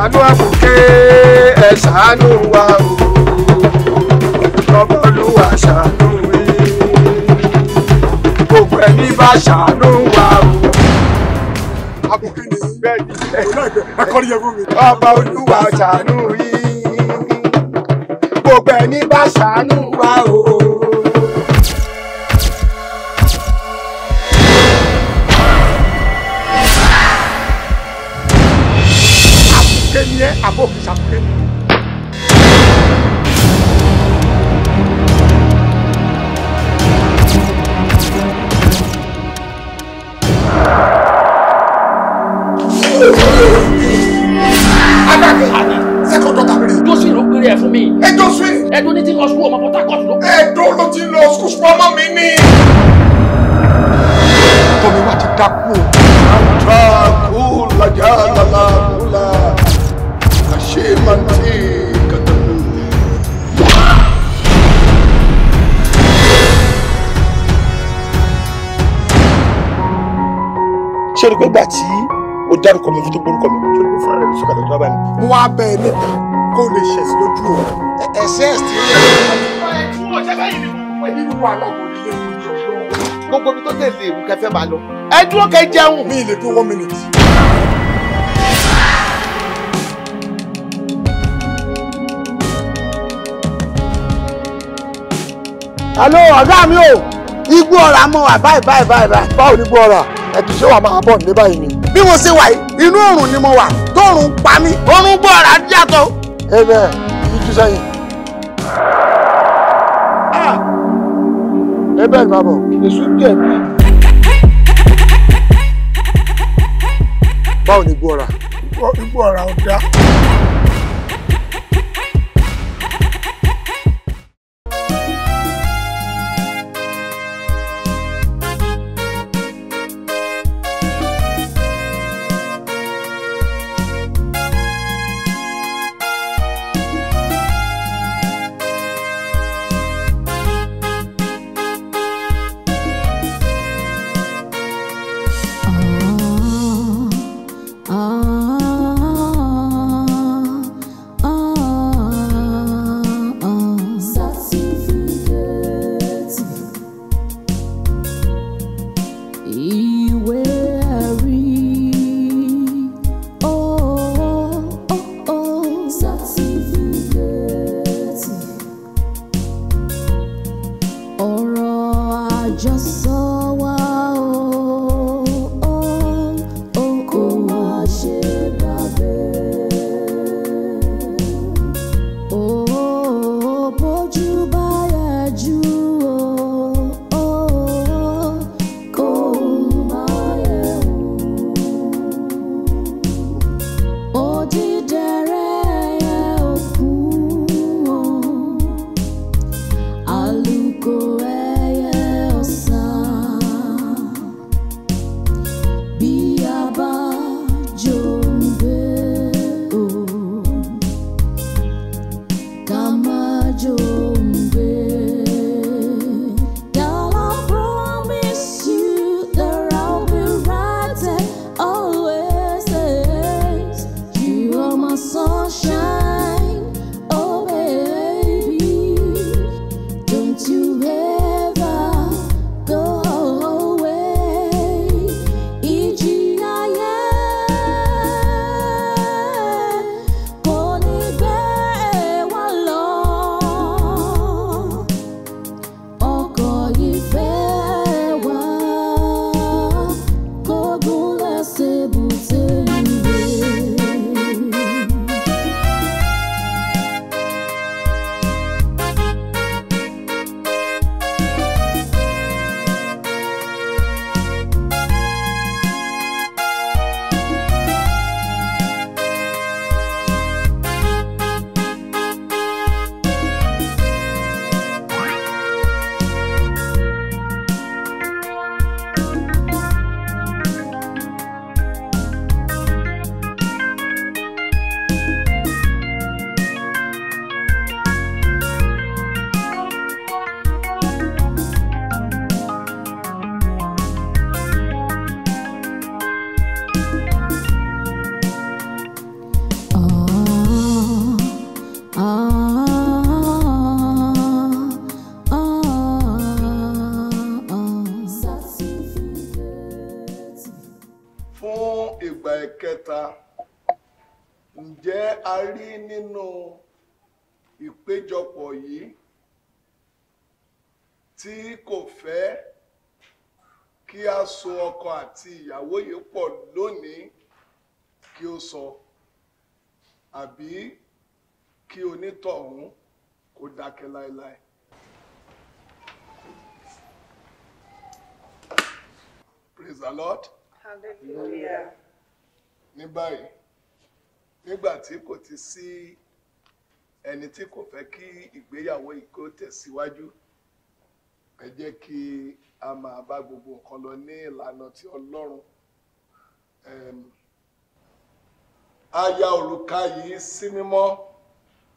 ṣàánú àbùké ẹ ṣàánú wa o ọmọlúwa ṣàánú rí gbogbo ẹni bá ṣàánú wa o. àbùké ni bẹ́ẹ̀ ni akọni yẹ fún mi. ọba olúwa ṣàánú rí gbogbo ẹni bá ṣàánú wa o. ni ẹ àbò òkìsàkúrẹ. ẹdun ní ti lọ sukuu ọmọ Port Harcourt ló. ẹdun ló ti lọ sukuu sukuu ọmọ mi ni. tọ́mi wá ti dákú o. àtàkùn làjà lálá. شيمتي ṣé o rí pé gbà tí o dárúkọ mi fún tó gbórúkọ mi tó gbó fúnra rẹ lóṣù tó wá báyìí. mo wá bẹ ẹ níta kó lè ṣẹ̀sì lójú o ẹ̀sẹ̀ ẹ̀sì ló yẹ kí wọ́n ṣe báyìí ni mo wà lọ́wọ́ nílé ìwé gbogbo mi tó tẹ̀lé ìwé kẹfẹ́ máa lọ ẹ dúró kẹ jẹun. mi ì lè dúró one minute. alo ọ̀dọ́ mi o igbó ọ̀rá mọ wà báyìí báyìí báyìí báyìí. báwo ni igbó ọ̀rá ẹ̀tù ṣé wà máa bọ̀ ní báyìí ni. bí mo ṣe wà yìí inú òrùn ni mo wà tóòrùn pa mí. oorun gbọ́ ọ̀rá yàtọ̀. ẹ bẹ́ẹ̀ ìjú sẹ́yìn. Ah! ẹ bẹ́ẹ̀ ni bàbá èṣù jẹ̀ mí. báwo ni igbó ọ̀rá. igbó ọ̀rá ò dáa. ìyàwó pọ̀ lónìí kí o sọ àbí kí onítọ̀hún kó dákẹ́ láéláé. Praise the Lord. Hallelujah. ní báyìí nígbà tí kò ti sí ẹni tí kò fẹ́ kí ìgbéyàwó yìí kó tẹ̀síwájú. Si ẹ jẹ́ kí a máa bá gbogbo nǹkan lọ ní ìlànà tí Ọlọ́run a ya òrùka yìí sí mímọ́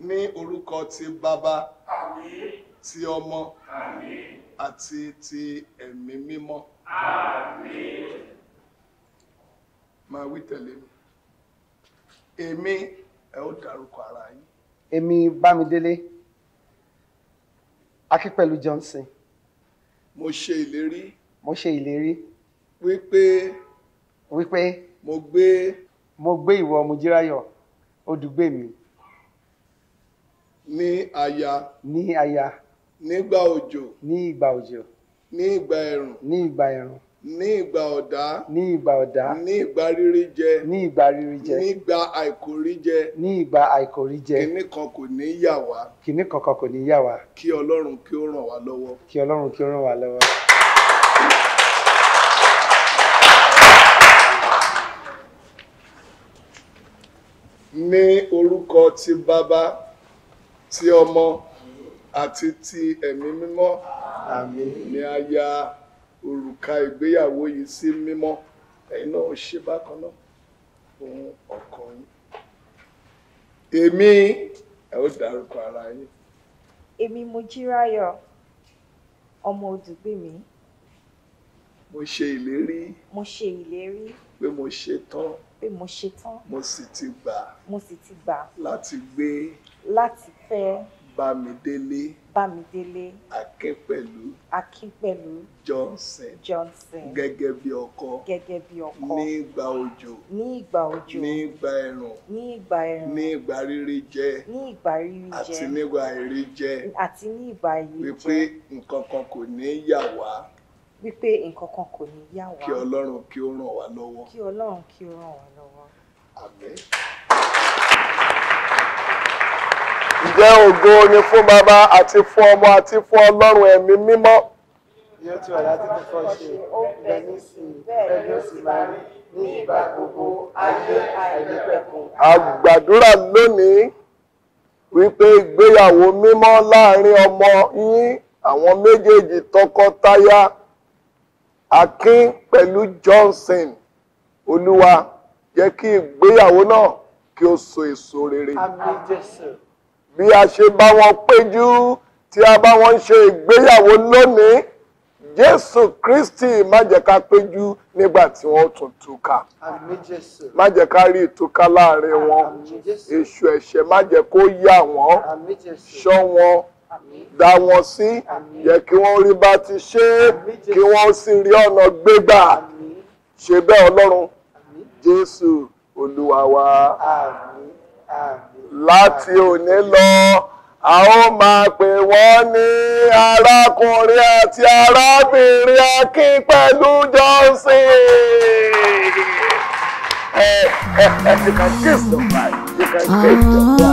ní orúkọ ti bàbá àmín ti ọmọ àmín àti ti ẹ̀mí mímọ́. máa wí tẹ̀lé mi èmi ẹ ó dárúkọ ara yín. èmi Bámidélé Akínpẹ̀lú Johnson. mo ṣe ìlérí. mo ṣe ìlérí. wípé. wípé. mo gbé. mo gbé ìwọ Mojíráyọ̀ mi. ní àyà. ní àyà. nígbà òjò. ní ìgbà òjò. ní ìgbà ẹ̀rùn. ní ìgbà ẹ̀rùn. ní ìgbà ọ̀dá ní ìgbà ọ̀dá ní ìgbà rírí jẹ ní ìgbà rírí jẹ ní ìgbà àìkórí jẹ ní ìgbà àìkórí jẹ kìnní kan kò ní yà wá kìnní kankan kò ní yà wá kí ọlọ́run kí ó ràn wá lọ́wọ́ kí ọlọ́run kí ó ràn wá lọ́wọ́. ní orúkọ ti bàbá ti ọmọ àti ti ẹ̀mí mímọ́ ni a ya òrùka ìgbéyàwó yìí sí mímọ́ ẹ̀yin náà ó ṣe bákan náà fún ọkọ yín èmi ẹ ó dárúkọ ara yín. èmi Mojíráyọ̀ ọmọ Odùgbèmí. mo ṣe ìlérí. mo ṣe ìlérí. pé mo ṣe tán. pé mo ṣe tán. mo sì ti gbà. mo sì ti gbà. láti gbé. láti fẹ́. Bámidélé. Bámidélé. Akínpẹ̀lú. Akínpẹ̀lú. Johnson. Johnson. Gẹ́gẹ́ bí ọkọ. Gẹ́gẹ́ bí ọkọ. Ní ìgbà òjò. Ní ìgbà òjò. Ní ìgbà ẹ̀rùn. Ní ìgbà ẹ̀rùn. Ní ìgbà rírí jẹ. Ní ìgbà rírí jẹ. Àti nígbà àìrí jẹ. Àti ní ìgbà àìrí jẹ. Wípé nǹkan kan kò ní yà wá. Wípé nǹkan kò ní yà wá. Kí Ọlọ́run kí ó ràn wá lọ́wọ́. Kí Ọlọ́run kí ó ràn wá lọ́wọ́. Àmín. ǹjẹ́ ògo ni fún bàbá àti fún ọmọ àti fún ọlọ́run ẹ̀mí mímọ́. yóò ti wà láti kọ́kọ́ ṣe ìgbẹ́ nísìnyí ẹni ó sì máa rí ní ìgbà gbogbo ayé àìnípẹ̀kun. àgbàdúrà lónìí wípé ìgbéyàwó mímọ́ láàrin ọmọ yín àwọn méjèèjì tọkọtaya akin pẹ̀lú johnson olúwa jẹ́ kí ìgbéyàwó náà kí ó so èso rere. àmín jésù bí a ṣe bá wọn péjú tí a bá wọn ṣe ìgbéyàwó lónìí jésù kristi má jẹ́ ká péjú nígbà tí wọ́n tún túká má jẹ́ ká rí ìtúká láàrin wọn èṣù ẹ̀ṣẹ̀ má jẹ́ kó yà wọ́n ṣọ́ wọn dá wọn sí yẹ kí wọ́n rí bá ti ṣe é kí wọ́n sì rí ọ̀nà gbégbà ṣe bẹ́ẹ̀ ọlọ́run jésù olúwa wa. Àmín. Àmín láti òní lọ a ó máa pè wọ́n ní arákùnrin àti arábìnrin akin pẹ̀lú Johnson. You can kiss them, right? You can kiss them.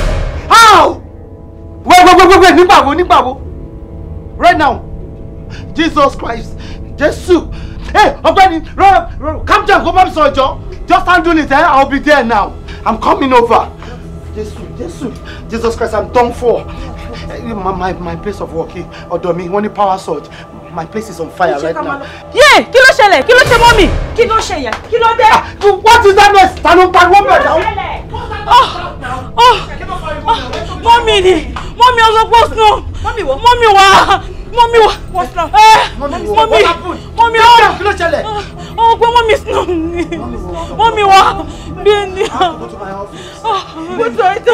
gbogbogbogbogbò nígbàwo nígbàwo right now jesus christ jésù hey ọ̀gbẹ́ni calm down kó má sọ ọjọ́ just handle it eh? i'll be there now i'm coming over jésù jésù jesus christ i'm done for my my my place of work ọ̀dọ̀ mi wọ́n ní power surge My place is on fire right now. Yeah, kí ló ṣẹlẹ̀, kí ló ṣe mọ́ mi. Kí ah, What is that noise? Ta ló ń pariwo Oh, oh, oh, oh Mọ́mí ni, mọ́mí ọ̀sán pọ̀ sùn. Mọ́mí wọ. Mọ́mí what? mọ́mí wa eh, mọ́mí mọ́mí mọ́mí wa ah. kí ló ṣẹlẹ̀ ọmọ oh, oh, pé mọ́mí snow ni mọ́mí wa bí ẹni mo sọ ètò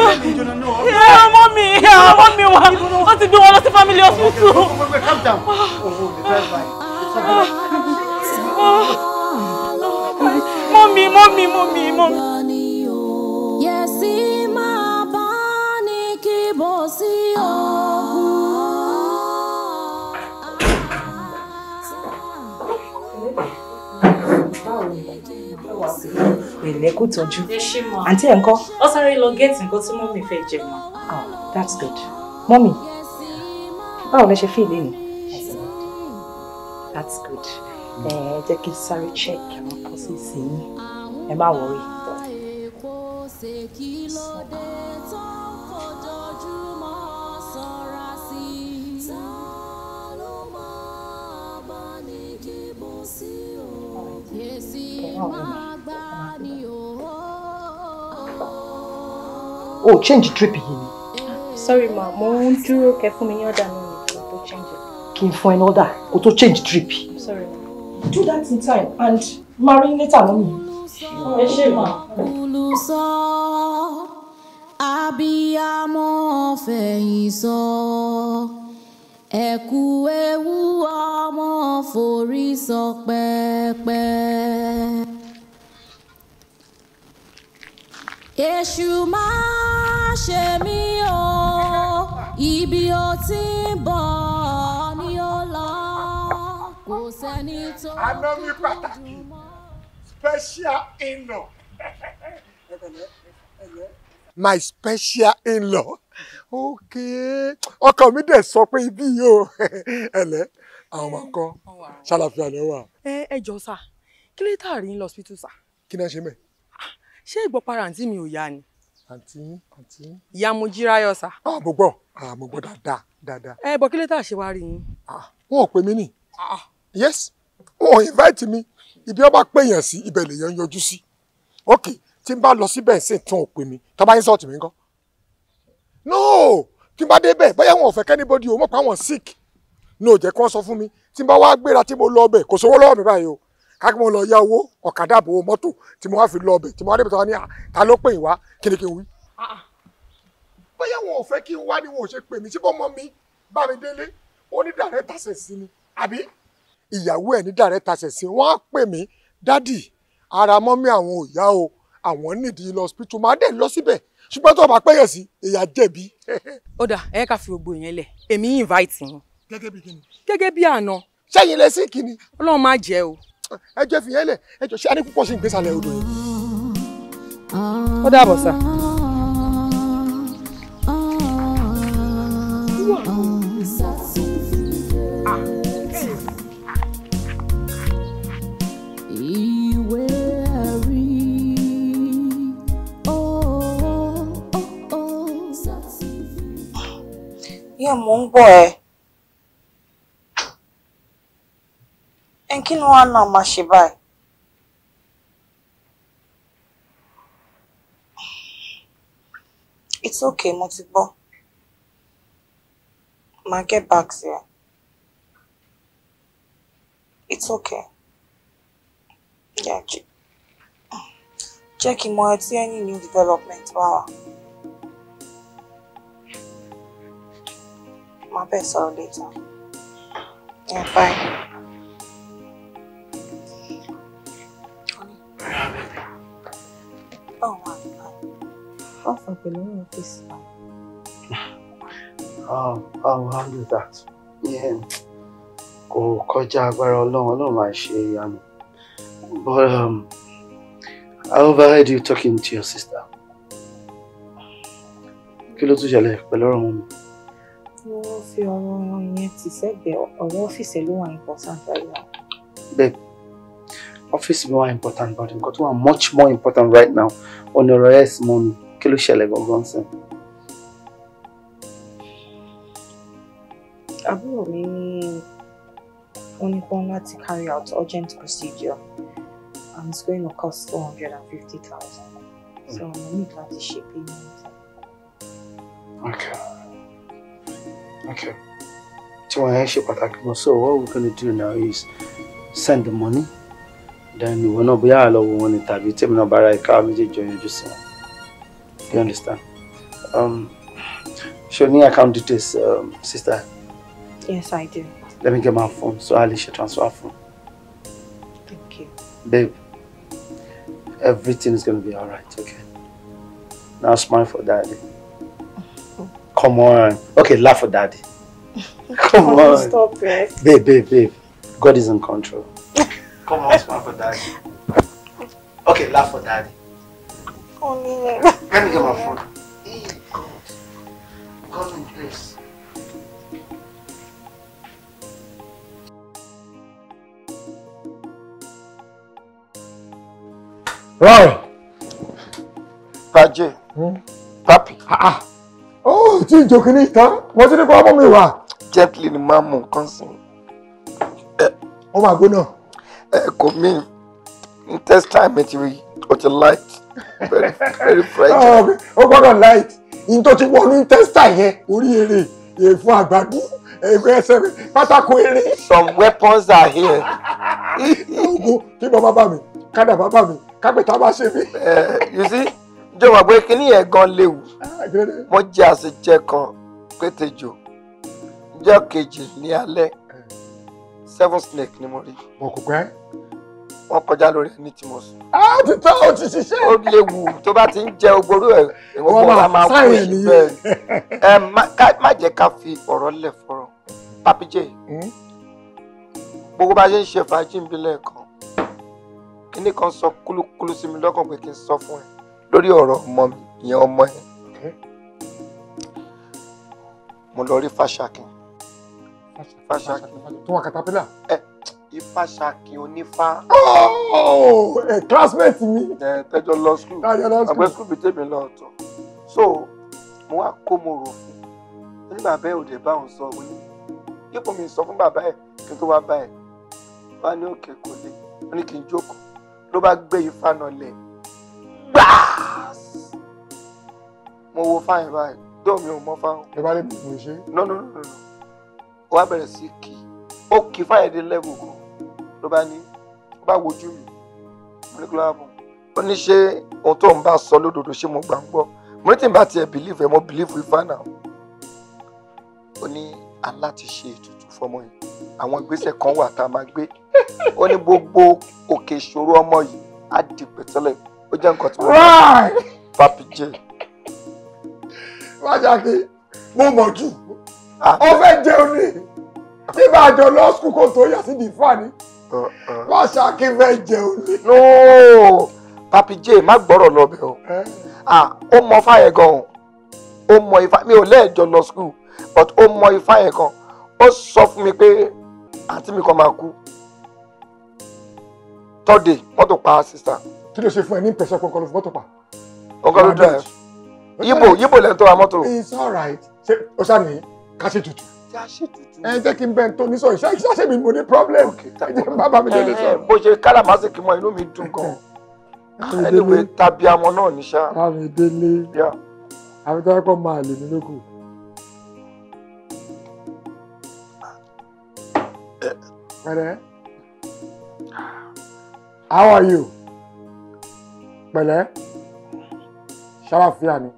mọ́mí mọ́mí wa wọ́n ti gbé wọn lọ sí family hospital. Ah. Oh, ah. mọ́mí mọ́mí mọ́mí mọ́mí. Yẹ̀sí máa bá ní kí bọ́ sí ọ̀hún. pẹ̀lẹ́ kò tọ́jú àǹtí ẹ̀ ń kọ́. ó sáré lọ géètì nǹkan tí oh that's good Mommy, báwo lẹ ṣe fi ìlé ni. that's good Eh, jẹ́ kí sorry check àwọn pọ́sí sí yín ẹ má oh, change trip yìí sorry ma mo ń dúró kẹ fún mi ní ọ̀dà mi nìkan tó change it. kí n fún ẹ ní ọ̀dà kó tó change trip. sorry ma. do that in time and marry later mọ́mí. ẹ ṣe ma. olùsọ abiyamọ fẹ̀yìn sọ ẹ̀kú ewu ọmọ forí sọ pẹ́pẹ́. èṣù má ṣe mí o ibi ó ti ń bọ̀ ni ó lọ kò sẹ́ni tó kúkú pàtàkì special in-law my special in-law ok ọkọ mi dẹ̀ sọ pé ibi yìí o ẹ̀lẹ́ àwọn máa kọ́ ṣàlàfíà lẹ́wà. ẹ ẹ jọ sá kí ló tà rí ń lọ hospital sá. kí ni a ṣe mẹ́ẹ̀ ṣé ìgbọ́para àǹtí mi ò yá ni. àǹtí àǹtí. ìyá ah, mo jí ráyọ sá. àmọ́ gbọ́ àmọ́ ah, gbọ́ dáadáa dáadáa. ẹ eh, bọ kí ló tà ṣe wá rí yín. Ah, wọn ò pè mí nì. yes wọn ò invite mi ibi ọba péyàn sí ibẹ̀ lèèyàn yọjú sí ok tí n bá lọ síbẹ̀ ṣe tán ò pè mí tó bá yín sọ̀tì mi ńkọ́. no tí n bá débẹ̀ bóyá wọn ò fẹ́ kẹ́nibọ́dì o mọ̀ pé àwọn sick ní òjẹ́ kí wọ́n sọ fún mi tí n bá wá gbéra tí mo lọ ọbẹ̀ kò sówó lọ́wọ́ mi báyìí o kágbọ́n lọ yá owó ọ̀kadà àbòwò mọ́tò tí mo wá fi lọ ọbẹ̀ tí mo wá débi tó wá ní à ta ló pè wá kí ni kí n wí. Ah, ah. bóyá wọn ò fẹ́ kí n wá ni wọn ò ṣe pè mí síbọ̀ mọ́ mi bá mi délé ó ní direct access sí ni àbí ìyàwó ẹ̀ ní direct access sí wọ́n á pè mí dádì ara mọ́mí àwọn ò yá o àwọn nídìí lọ hospital máa dẹ̀ lọ síbẹ̀ ṣùgbọ́n tó o bá pẹ́yẹ̀ sí ìyá jẹ̀bi. ó dà ẹ ká fi gbogbo yẹn lẹ èmi invite yín. gẹ́gẹ́ bí kíni. gẹ́gẹ́ bí àná. sẹ́yìn lẹ kíni. ọlọ́run má jẹ́ o ẹjọ ẹ fi yẹn ẹjọ ṣé adé púpọ̀ sí ìgbésàlẹ̀ odò yìí. ó dàbọ̀ sà. Oh, oh, oh, ìyá mò ń bọ̀ ẹ́. ẹn kí ni wọn náà máa ṣe báyìí. it's okay mo ti gbọ́ ma get back to it's okay yeah, jẹ́ kí n mọ ẹtí any new development wà wá. máa bẹ̀ sọ̀rọ̀ later yeah, bye. How àgbà wọ́n fà pẹ̀lú this ọ́fíìsì wa. How how do that? Yeah. kọjá agbára Ọlọ́run, alone alone my ìyanu. But um, I overheard you talking to your sister. Kilo ló tún ṣẹlẹ̀ pẹ̀lú ọ̀rọ̀ mọ́ mi? Mo fi ọ̀rọ̀ yẹn tì sẹ́gbẹ̀ẹ́ ọ̀rọ̀ ọ́fíìsì ló important right now. Office mi wà important but nǹkan got one much more important right now ọ̀nà ọ̀rọ̀ ẹ̀ sì mọ́ mi kí ló ṣẹlẹ̀ gangan sí. àbúrò mi ní wọ́n ní carry out urgent procedure and it's going to cost four hundred and fifty thousand so we need láti ṣe payment. okay okay tí wọ́n yẹn ṣe pàtàkì mọ́ so what we're going to do now is send the money then ìwọ náà bóyá àlọ́wọ́ wọn ni tàbí tèmi náà bára ẹ̀ka méjèèjì ọ̀yanjú sí wọn do you understand um, ṣé o ní account details um, sister. yes i do. let me get my phone so I can ṣe transfer fún. thank you. babe everything is gonna be alright okay now smile for daddy. Come on. Okay, laugh for daddy. Come on. Stop it. Babe, babe, babe. God is in control. Come on, smile for daddy. Okay, laugh for daddy. Let me get my phone. Come in, please. Wow. Tajé. Papi. Ó ti jòkì ní ìtàn, wọ́n ti ní kọ́ ọmọ mi wà. Gently ni máa mú nǹkan sí. Ó máa gbóná kò mí intestine ti rí o ti light very very fragile. Ah, ó gbọ́dọ̀ light in tó ti wọnú intestine yẹn orí eré èèfún àgbàdo èèfún ẹsẹ̀ rẹ̀ pátákó eré. some weapons are here. oògùn kí bàbá bá mi kádà bàbá mi kápẹ́tà bá ṣe mí. Eh, you see jọ̀wọ́ pé kíní yẹn gan léwu ah, mo jẹ àṣejẹ kan pétejò jẹ́ kejì ní alẹ́ eh. seven snake ni mo rí. òkùnkùn wọ́n kọjá lórí ẹni tí mo sùn. a ti tọ́ o ti ṣiṣẹ́. ó lè wù tó bá ti ń jẹ ogoro ẹ̀ ìwọ́n bọ́ra máa kú sí bẹ́ẹ̀. ẹ má jẹ́ ká fi ọ̀rọ̀ lẹ̀ fọ́rọ̀ papijẹ́ hmm? gbogbo bá ṣe ń ṣe fàájì ń bí lẹ́ẹ̀kan kíní kan sọ kúlúkúlú sí mi lọ́kàn pé kí n sọ fún ẹ lórí ọ̀rọ̀ ọmọ mi ìyẹn ọmọ ẹ hmm? mo lọ rí Fáṣakìn. Fáṣakìn tó wà katapila. Ifáṣakí onífá. Oh, ẹ classmate mi. ẹ tẹjọ lọ school àgbẹ school mi tèmi lọ ọ̀tọ̀ so mo wá kó mo rò fún un ní bàbá ẹ ò lè bá òun sọ òun ní dípò mi sọ fún bàbá ẹ kí n tó wá bá ẹ bá ní òkè kò le ó ní kí n jókòó ló bá gbé ifá náà lẹ gbàás mo wo fáyìn báyìí dóò mi ò mọ fáwọn. ẹ bá lè mú un ṣe. no no no no wàá bẹ̀rẹ̀ sí kì í ó kì í fáyìn dé lẹ́gùn gan ló bá ní ó bá wojú mi mo ní kí ló wá mú ó ní ṣé ohun tó ń bá sọ lódodo ṣé mo gbà ń gbọ́ mo ní tí n bá tiẹ̀ bìlíìfù ẹ̀ mo bìlíìfù ifá náà ó ní aláti ṣe ètùtù fọmọ yìí àwọn ìgbésẹ̀ kan wà tá a máa gbé ó ní gbogbo òkè ìṣòro ọmọ yìí á di pẹ̀tẹ́lẹ̀ ó jẹ́ nǹkan tí wọ́n bá papi jẹ́. wájàkì mo mọ̀ jù ah. ó fẹ́ jẹun ní bí bá a skul kó tó yà sí di fani wọ́n ṣáàkì fẹ́ jẹun ni. no papi j má gbọ́rọ̀ lọ bẹ́ẹ̀ o ó mọ fáyẹ̀ gan-an ó mọ ifá mi ò lẹ́ẹ̀jọ lọ school but ó mọ ifá yẹn kan ó sọ fún mi pé àǹtí mi kan máa kú tọ́dẹ̀ mọ́tò pa sísá. kí ló ṣe fún ẹ ní pẹ̀sẹ̀ kankan ló fi mọ́tò pa. ọgọ́ ló dẹ̀ yíbo yíbo lẹ́nu tó ra mọ́tò. it's alright ṣe o ni, ní ká tutù ẹ jẹ́ kí n bẹ́ẹ̀ tó ní sọ ìṣá ìṣá ṣe mi mo ní problem ẹ jẹ́ bàbá mi délé eh, sọ. bó ṣe kálàmásìkì mọ inú mi dùn gan ẹniwe tàbí amọ náà ní ṣá. àmì délé àmì tó yẹ kó máa lè mí lóko. Eh. how are you pẹ̀lẹ́ ṣàlàfíà ni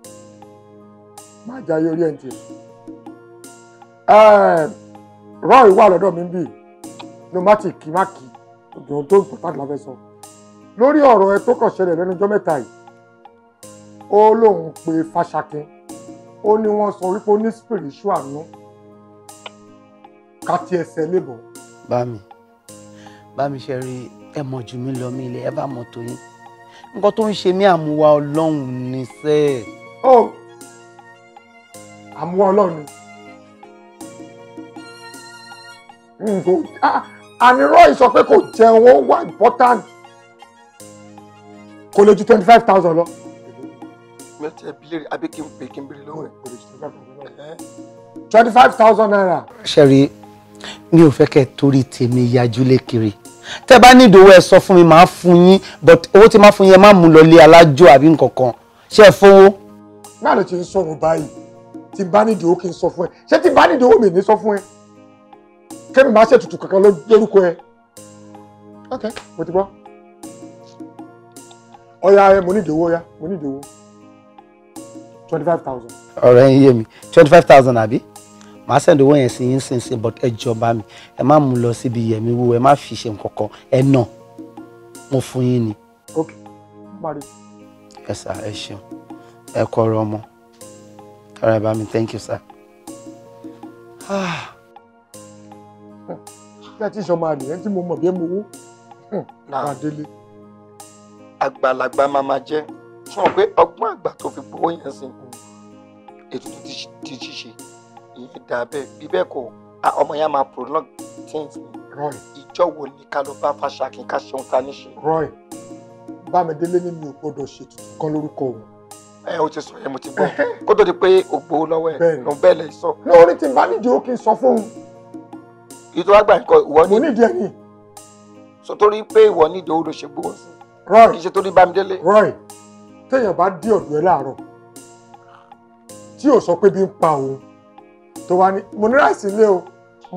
máa jayé orí ẹ̀ ń tiẹ̀. Roy wà lọ́dọ̀ mi bí pneumatic máàkì òjòun tó important la fẹ́ sọ lórí ọ̀rọ̀ ẹ tó kàn ṣẹlẹ̀ lẹ́nu ọjọ́ mẹ́ta yìí ó lóun pe Fáṣakẹ́ ó ní wọ́n sọ wípé ó ní spiritual nù ká ti ẹsẹ̀ lébọ̀. bámi bámi ṣe rí ẹ mọ̀ jù mí lọ mí ilé ẹ bá mọ̀ tó nǹkan tó ń ṣe mí àmúwa ọlọ́run ní sẹ́ẹ̀. ó àmúwa ọlọ́run ni. And ànírọ́ ìsọ pé kò jẹun ó wà important kò lè ju twenty five thousand lọ. mẹ́tẹ́ ẹ bílẹ̀ kí n pè kí n bèrè lọ́wọ́ ẹ̀. twenty five thousand naira. ṣẹ́rí mi ò fẹ́ kẹ́ torí tèmi yajúlé kiri tẹ́ bá ní ìdòwò ẹ sọ fún mi màá fún yín but owó tí màá fún yín ẹ má mú lọ lé alájọ àbí nǹkan kan ṣe é fowó. náà ló ti ń sọ̀rọ̀ báyìí tí bá nídìí ó kí n sọ fún ẹ ṣé tí bá nídìí ó mi ní sọ fún ẹ kẹ́mi máa ṣètùtù kankan lórúkọ ẹ ok mo ti gbọ́ ọ̀ya ẹ mo ní ìdòwò ọ̀ya mo ní ìdòwò twenty five thousand. ọ̀rẹ́ yín yé mi twenty five thousand àbí màá sẹ́ndì owó yẹn sí yín sí sí but ẹ jọba mi ẹ má mú lọ síbi yẹ̀mí wo ẹ má fi ṣe nǹkan kan ẹ nà mo fún yín ni. ok parí. ẹ sà ẹ ṣeun ẹ kọ ọ̀rọ̀ ọmọ ọ̀rẹ́ bá mi thank you sir. Ah kí ẹ ti sọ máa nìyẹn tí mo mọ̀ bí ẹ mowó hmm, máa délé. àgbàlagbà máa máa jẹ́ fún ọ pé ọgbọ́n àgbà tó fi gbowó yẹn sí ètò tó ti ṣiṣẹ́ ìyẹn dà bẹ́ẹ̀ bí bẹ́ẹ̀ kọ́ ọmọ yẹn máa prolong things ìjọ wo ni ká ló bá fàṣàkín ká ṣeun ta ní ṣe. Roy Bámidélé ní mi ò gbọdọ̀ ṣètùtù kan lórúkọ òun. ẹ o ti sọ yẹn mo ti gbọ́ kó tó di pé ògbó lọ́wọ́ ẹ ló bẹ́ẹ̀ lẹ sọ. lórí tí n bá nídìí ó kí n sọ fóun ìtò àgbà nǹkan ìwọ ni. mo ní ìdí ẹ̀ ni. sọ torí pé ìwọ ní ìdòwò ló ṣe gbówó sí. rọrì kì í ṣe torí bámidélé. rọrì téèyàn bá dé ọ̀dọ̀ ẹ láàárọ̀ tí ò sọ pé bí ń pa òun tó wá ní mo ní ráìsì ilé o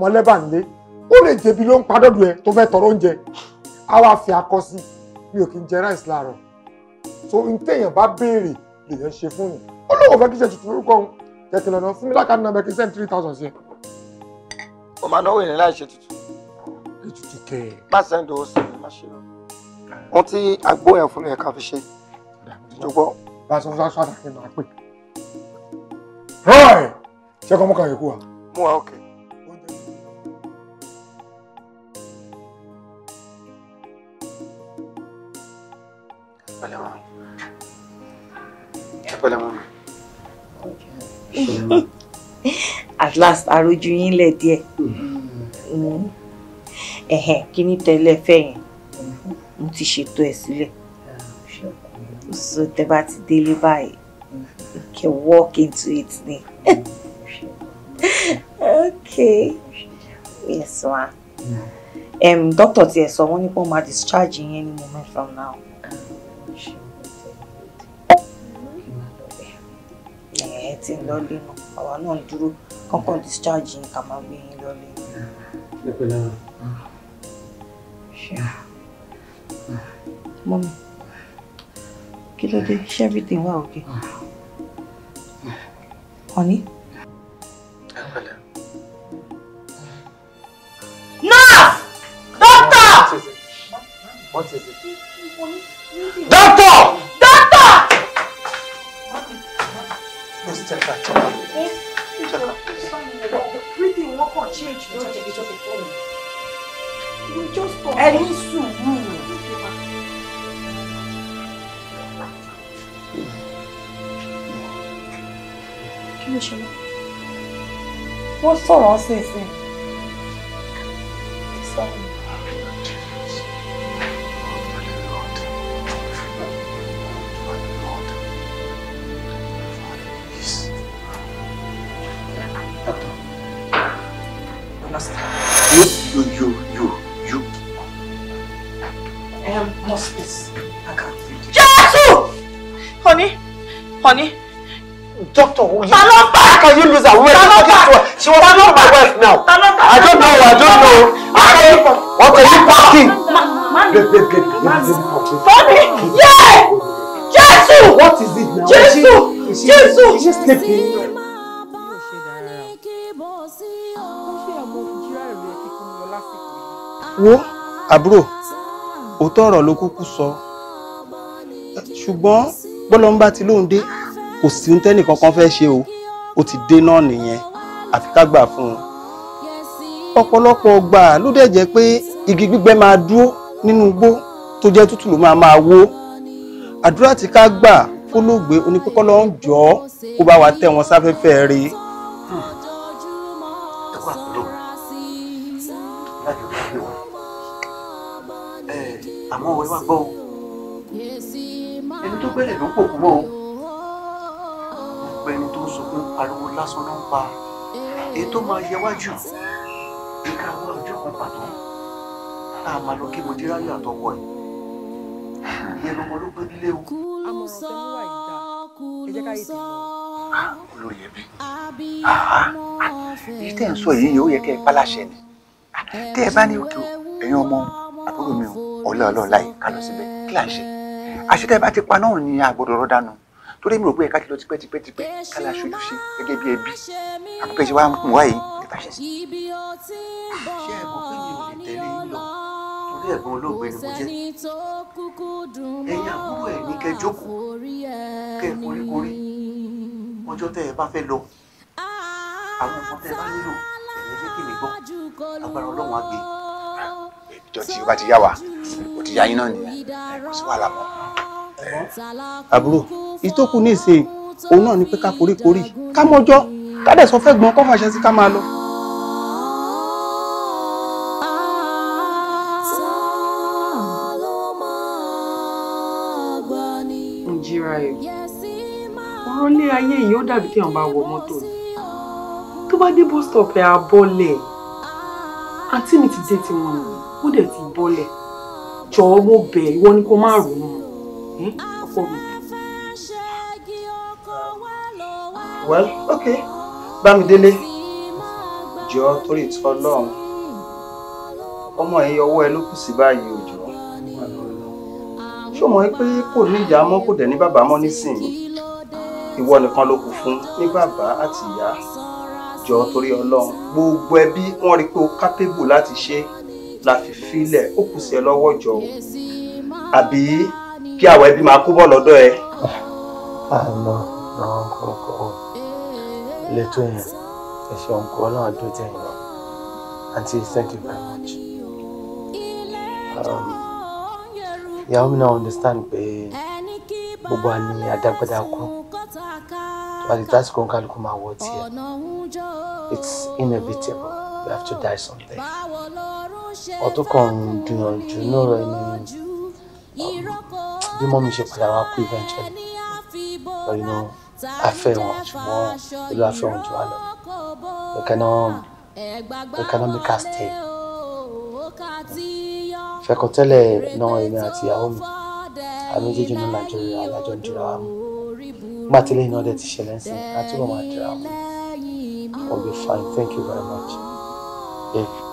mọ̀lẹ́bà ń lé ó lè jẹ̀bi ló ń pa dọ́dọ̀ ẹ tó fẹ́ tọrọ oúnjẹ á wá fi akọ sí mi ò kì í jẹ ráìsì láàárọ̀ so n téèyàn bá béèrè lèèyàn ṣe fún yìí ó lóun fẹ́ kí ṣe tuntun lórúkọ òun jẹ́ lọ́nà fún mi lákàtúntà bẹ́ẹ̀ kí sẹ́ni sí ẹ o máa náwó ìrìn láì ṣe tutù. ètùtù kẹ. má sẹ́ńdì owó sí mi má ṣe lọ. ohun tí agbó yẹn fún mi yẹn ká fi ṣe. ìjọgbọ́. bá a sọ fún sọ́dà kí n máa pè. rọ́ọ̀ì ṣé kọ́ mú kàwé kú wa. mú wa òkè. Pẹ̀lẹ́ mọ́. Pẹ̀lẹ́ mọ́ at last arójú yín lẹ̀ díẹ̀ mm-hmm. Mm-hmm. ẹ̀hẹ̀n kí ní tẹ́lẹ̀ fẹ́ yẹn mm-hmm. mo ti ṣètò ẹ̀ sílẹ̀ ah, so tẹ́ bá ti délé báyìí you can walk into it ni okay yes ma um, doctor tiẹ̀ sọ wọ́n ní pé wọ́n máa discharge yín any moment from now. ẹ̀ ti ń lọlé náà àwa náà ń dúró kankan discharge yín ká máa gbé yín lọlé. mọ́mí kí ló dé ṣé everything wà òkè? honey. Nurse! Doctor! What is it? Doctor! Please step back, check out. Yes, check out. Everything won't change. Don't take it, just a phone. You just talk. Ẹ ní sùúrù. Kí ló ṣe lọ? you, you, you, you. Um, nurse, please. I can't feed it. Jesus! Honey, honey. Doctor, who you? How can you lose her? We're talking to She was not my wife now. Talomba! I don't know, I don't know. Okay, okay, you packing. Babe, babe, babe, babe. Mommy! Yeah! Jesus! What is it now? Jesus! Jesus! Is she sleeping? wo àbúrò òótọ́ ọ̀rọ̀ ló kúkú sọ ṣùgbọ́n bọ́lọ́mbà tí lóun dé kò sí ní tẹ́nì kankan fẹ́ ṣe o ó ti dé náà nìyẹn àfi ká gbà fún un ọ̀pọ̀lọpọ̀ gbà ló dẹ̀ jẹ́ pé igi gbígbẹ máa dúró nínú igbó tó jẹ́ tútù ló máa máa wó àdúrà tí ká gbà kó lóògbé onípẹ́kọ́ lọ́n jọ́ kó bá wa tẹ̀ wọ́n sáfẹ́fẹ́ rí àmọ́ òwe wá gbọ́ o ẹni tó gbẹ́lẹ̀ ló ń pòkú o gbogbo ẹni tó ń sunkún ariwo lásán ló ń pa èyí máa yẹ wájú ní ká ọjọ́ kan pàtó tá a máa lọ kí mo díráyà àtọwọ́ ẹ̀ ìyẹn lọmọ ló gbé nílé o. àmọ́ ọ̀sẹ̀ mú wà ìdá ẹ jẹ́ ká yìí tẹ̀ lọ. ń sọ yìí yóò yẹ kẹ́ ẹ pa ni tẹ́ ẹ bá ní òkè ẹ̀yin ọmọ àbúrò mi o ọlá ọlọ́run láì ká lọ síbẹ̀ kí là ń ṣe àṣetẹ́ bá ti pa náà ni àgbọ̀dọ̀ rọ́ dànù torí mi rò pé ẹ̀ka ti lọ tipẹ́ tipẹ́ tipẹ́ ká la ṣojú ṣe gẹ́gẹ́ bí ẹbí àpẹẹrẹ ṣe wá ń wá yìí nípa ṣe sí. ṣé ẹ̀gbọ́n pé mi ò lè tẹ̀lé yín lọ torí ẹ̀gbọ́n olóògbé ni mo jẹ́ ẹ̀yin àbúrò ẹ̀ ní kẹ́ jókòó kẹ́ ẹ koríkorí ọjọ́ tẹ́ ẹ bá fẹ́ lọ àwọn ọmọ tẹ́ ẹ bá nílò ẹ̀yẹ́ jẹ́ kí mi gbọ́ agbára ọlọ́run á gbé jọ tí o bá ti yá wa o ti yá yín náà nìyẹn kò sí wàhálà mọ́. àbúrò ìtókù ní ìsìn òun náà ni pé ká koríkorí ká mọjọ́ ká dẹ̀ sọ fẹ́ gbọ́n kọ́ fàṣẹ sí ká máa lọ. ọ̀rọ̀ ilé ayé yìí ó dàbí tí wọ́n bá wọ mọ́tò ni tó bá dé bus stop ẹ̀ abọ́lẹ̀ àǹtí mi ti dé tiwọn nìyí ó dẹ̀ ti bọ́lẹ̀ jọ ọmọ bẹ̀ ìwọ ni kó má ronú hm? ọkọ mi. well ok Bámidélé jọ torí ìtọ́ Ọlọ́run ọmọ yìí ọwọ́ ẹ ló kù sí báyìí òjò ṣó mọ̀ pé kò ní ìyá mọ́ kò dẹ̀ ní bàbá mọ́ nísìnyí ìwọ nìkan ló kù fún ní bàbá àti ìyá jọ torí Ọlọ́run gbogbo ẹbí wọ́n rí pé o kápébù láti ṣe é la fi filẹ̀ ó kù sí ẹ lọ́wọ́ jọ àbí kí àwọn ẹbí máa kú bọ̀ lọ́dọ̀ ẹ. àmọ́ náà kọ̀ọ̀kan lẹ́tọ́ yẹn ẹ̀ṣẹ̀ ọ̀nkọ́ náà dún tẹ̀yìn lọ àǹtí thank you very much. Um, ìyàwó mi náà understand pé gbogbo àní adágbádá kú but that's going to come out It's inevitable. We have to die someday ọdún kan ń gbìyànjú lọ́rọ̀ ẹni bí mọ́mí ṣe padà wá kú eventually but you know afẹ́ wọn ṣùgbọ́n ìlú afẹ́ wọn jù wá lọ we cannot we cannot make her stay fẹ́kọ̀ tẹ́lẹ̀ náà èmi àti ìyàwó mi àmì jíjìn ní nàìjíríà alájọ jura wa mú gbàtílẹ̀ iná dẹ̀ ti ṣẹlẹ̀ sí àtúbọ̀ máa jura wa mú I'll be fine thank you very much. Yeah.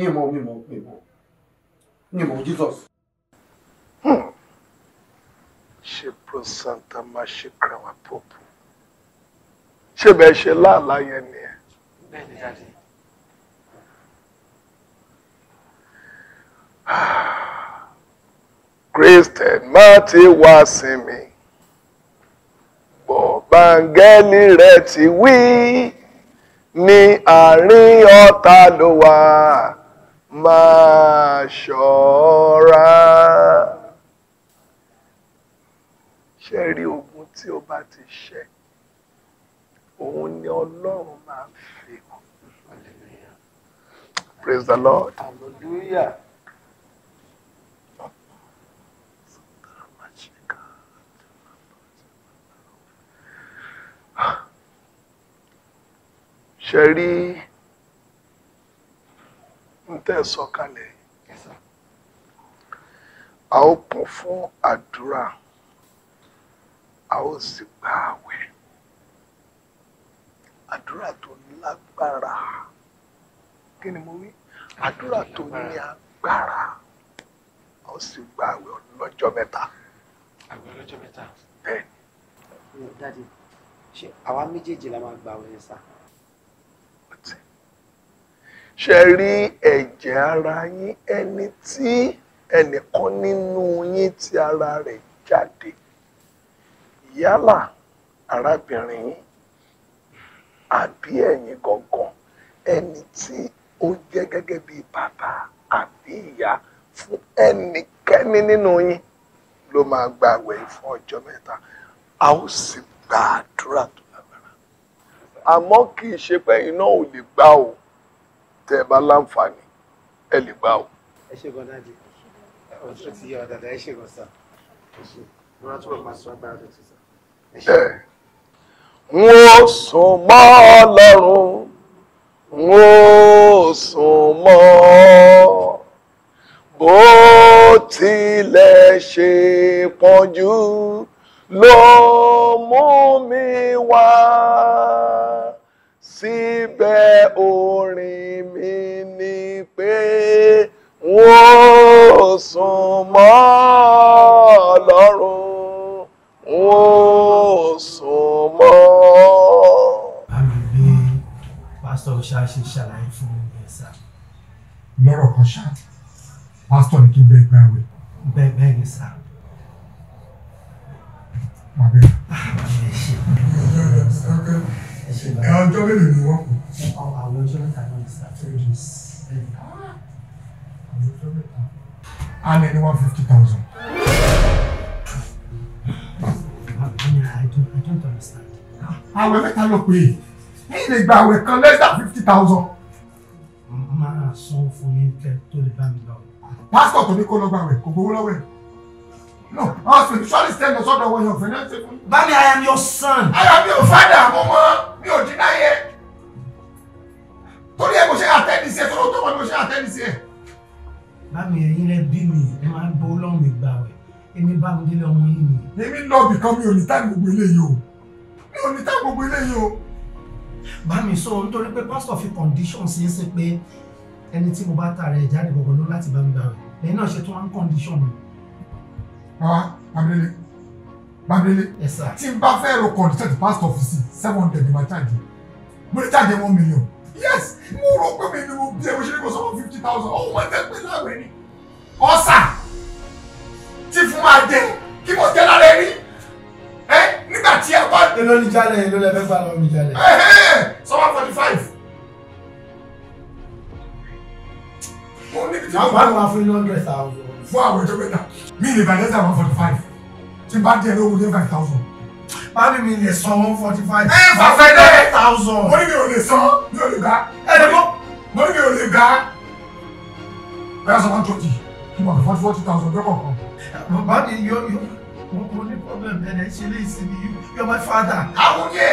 ní ìmọ̀ mi mọ̀ pé ìmọ̀ ní ìmọ̀ Jesus. Hmm. ṣé prosanta máa ṣe kàwá pọ̀pù ṣé bẹ́ẹ̀ ṣe láàlá yẹn ni ẹ. bẹ́ẹ̀ni dáadé. Christian má ti wá sinmi bọ̀ bàǹgẹ́lì rẹ̀ ti wí máa ṣọ́ra. ṣé rí ogun tí o bá ti ṣe òun ni ọlọ́run máa fi Praise the Lord. Hallelujah. ṣe rí ń tẹ́ sọ kalẹ̀ a o kún fún àdúrà a o sì gba àwẹ̀ àdúrà tó lágbára kí ni mo wí àdúrà tó ní agbára a o sì gba àwẹ̀ ọlọ́jọ́ mẹ́ta. àwẹ̀ ọlọ́jọ́ mẹ́ta. bẹ́ẹ̀ ni. dadi ṣe àwa méjèèjì la máa gba àwẹ̀ yẹn sáà ṣe rí ẹ̀jẹ̀ ara yín ẹni tí ẹnìkan nínú yín tí ara rẹ̀ jáde yálà arábìnrin yín àbí ẹ̀yin gangan ẹni tí ó jẹ́ gẹ́gẹ́ bí bàbá àbí ìyá fún ẹnikẹ́ni nínú yín ló máa gba àwẹ̀ fún ọjọ́ mẹ́ta a ó sì gba tó lágbára àmọ́ kì í ṣe pé ẹ̀yin ò lè gbà o tẹ́ ẹ bá láǹfààní ẹ lè gbà o. ẹ ṣe gan dáàdi ọjọ́ ti yá ọ̀dàdà ẹ ṣe gan sá wọn á túbọ̀ máa sọ agbára tó ti sá. n ó sùn mọ́ ọlọ́run n ó sùn mọ́ bó tilẹ̀ ṣe pọ́njú ló mú mi wá síbẹ̀ orin mi ni pé wọ́n ò sùn mọ́ ọlọ́run wọ́n ò sùn mọ́. báwo ni pásítọ̀ ṣáà ṣe ṣàlàyé fún mi ẹ̀ sá. lọ́rọ̀ kan ṣáà pásítọ̀ ní kí n bẹ́ẹ̀ gbà wẹ̀. bẹ́ẹ̀ bẹ́ẹ̀ ni sá. wàá bẹ̀rẹ̀. Ah, ẹ̀ ọjọ́ mélòó ni wọ́n kù àwọn ọjọ́ mẹ́ta náà is after this àwọn ọjọ́ mẹ́ta and I will make a look Àwẹ̀ mẹ́ta ló pè will collect that gba àwẹ̀ kan less than fifty thousand. Máa san fún yín kẹ́ tó lè bá mi lọ. away. tó ní kó lọ gba àwẹ̀ No, our spiritualist tell us ọ̀dọ̀ wọn yóò fẹ́ náà Bami, I am your son. I am your father, mo You deny it torí ẹ mo ṣe àtẹ́ni sí ẹ torí ó tó wọn ni mo ṣe àtẹ́ni sí ẹ. bámi ẹ̀yin rẹ bí mi ẹ máa ń gbọ́ ọlọ́run ìgbà rẹ èmi bá mi délé ọmọ yìí ni. èmi lọ bìkan mi ò ní táì gbogbo eléyìí o mi ò ní táì gbogbo eléyìí o. bámi sọ nítorí pé pásítọ̀ fi condition sí sí pé ẹni tí mo bá ta rẹ̀ jáde gbogbo ló láti bá mi gbà rẹ̀ lẹ́yìn náà ṣe tún wá ń condition mi. bàbá bàbélé bàbélé tí n bá fẹ́ ro condition ti pásítọ̀ fi sí seven hundred ni màá charge mo ní charge one million yes mo rò pé mi ni mo bí ẹ mo ṣe ní kò sọ fún fifty thousand ọ̀hún mo fẹ́ pè láàrin ni ọ̀sà tí fún máa jẹ kí mo jẹ lára ẹni ẹ nígbà tí ẹ bá. èló ni jalè èló lẹ fẹ́ gbà lọ́wọ́ mi jalè. sọ́wọ́ forty five. mo ní bìtì. àwọn àgbà fún iná hundred thousand. fún àwọn ìjọba ẹ̀dá mi ní ìbàdàn one forty five tí bá díẹ̀ lówó ní five thousand. Mami mi lè san one forty five. Ẹ fàfẹ́ dẹ́. Five thousand. Mo ní mi ò lè san, mi ò lè gbá. Ẹ lè mọ́. Mo ní mi ò lè gbá. Bẹ́ẹ̀ sọ one twenty, kí mo fi forty forty thousand dọ́kọ̀ kan. Bàbá mi yọ yọ, mo kò ní problem bẹ̀rẹ̀ ṣe lè sinmi you, you are my father. Àwùjẹ,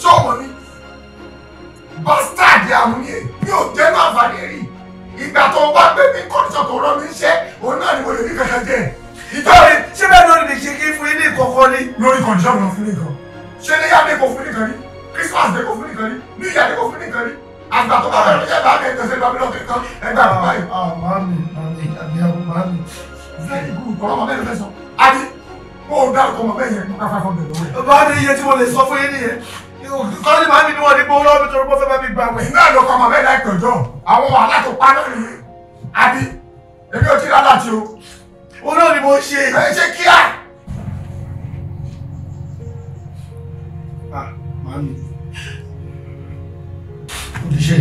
ṣé ọmọ mi? Bastard àwùjẹ, mi ò jẹ́ máa fà ní rí. Ìgbà tó o bá gbé mi kọ́ńtà tó rán mi ṣẹ́, òun náà ni mo lè rí kankan jẹ́ ìtọ́ni ṣé bẹ́ẹ̀ lórí mi ṣe kí fún yín ní ìkọ̀kọ̀ ni. lórí kọ̀ǹṣọ́ mi ò fún nìkan ṣé ní yàrá èkó fún nìkan ni Christmas dé kó fún nìkan ni ní ìyàrá èkó fún nìkan ni àgbà tó bá bẹ̀rẹ̀ ẹ̀bá mi ẹ̀tẹ̀sẹ̀ bá mi lọ kí n tán ẹgbà mi báyìí. Ah, màámi màámi àbí àwọn màámi. very good ọlọ́mọ mẹ́rin fẹ́ sọ adi mo ò dá ọkọ ọmọ bẹ́ẹ̀ yẹn nípa fáfọ́ bẹ̀rẹ̀ lọ́wọ́. bá a ní iye tí mo lè sọ fún yín nìyẹn sọ́ọ́ni màámi ni wọ́n ní gbowó lọ́wọ́ mi torí mo fẹ́ bá mi gbà wẹ̀. iná ló kọ́ ọmọ bẹ́ẹ̀ láì pẹ̀jọ́ àwọn wàhálà tó pa lónìí adi èmi ò tí ì òun náà ni mo ṣe. ẹ ṣe kíá. Ah, màámi ó ti ṣe.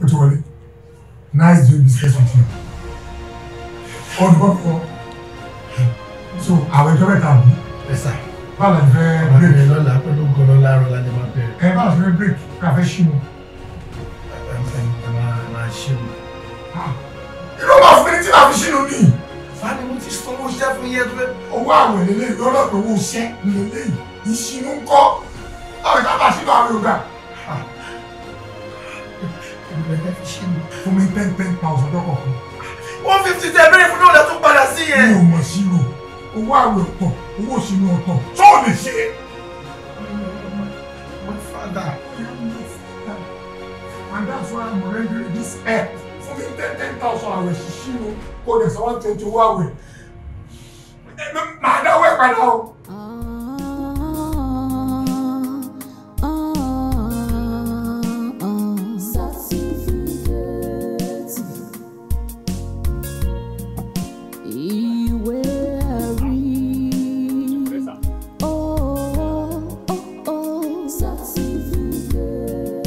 ó ti wọlé nice doing business with you. olùkọ́ kọ́ so àwọn ẹjọ́ mẹ́ta àbí. ẹ sà. báwo la ti fẹ́ bírèkì. lọ́la pẹ̀lú gbọ́dọ̀ láàárọ̀ la ti máa bẹ̀rẹ̀. ẹ bá a fẹ́ bírèkì ká ṣí mu máa ṣe o. Ah. inú máa fún mi tí màá fi ṣínú mi. fani mo ti sanwó iṣẹ́ fún yẹn tó fẹ́. owó àwẹ̀ lélẹ́yìí lọ́dọ̀ pé owó iṣẹ́ lélẹ́yìí ìṣinú ń kọ́ àwọn ìjọba ṣínú àwọn yorùbá. ìrẹ̀lẹ̀ ah. fi ṣínú. fún mi ten ten thousand lọ́kọ̀ kan. one fifty tẹ bẹ́ẹ̀ fún náà tó padà sí yẹn. mi ò mọ̀ sínú owó àwẹ̀ ọ̀tọ̀ my father and that's why i'm rendering this help fún mi ten ten thousand àwẹ̀ ṣíṣírò one àwẹ̀ màá dáwọ́ ẹ̀ padà o. Oh, oh, oh,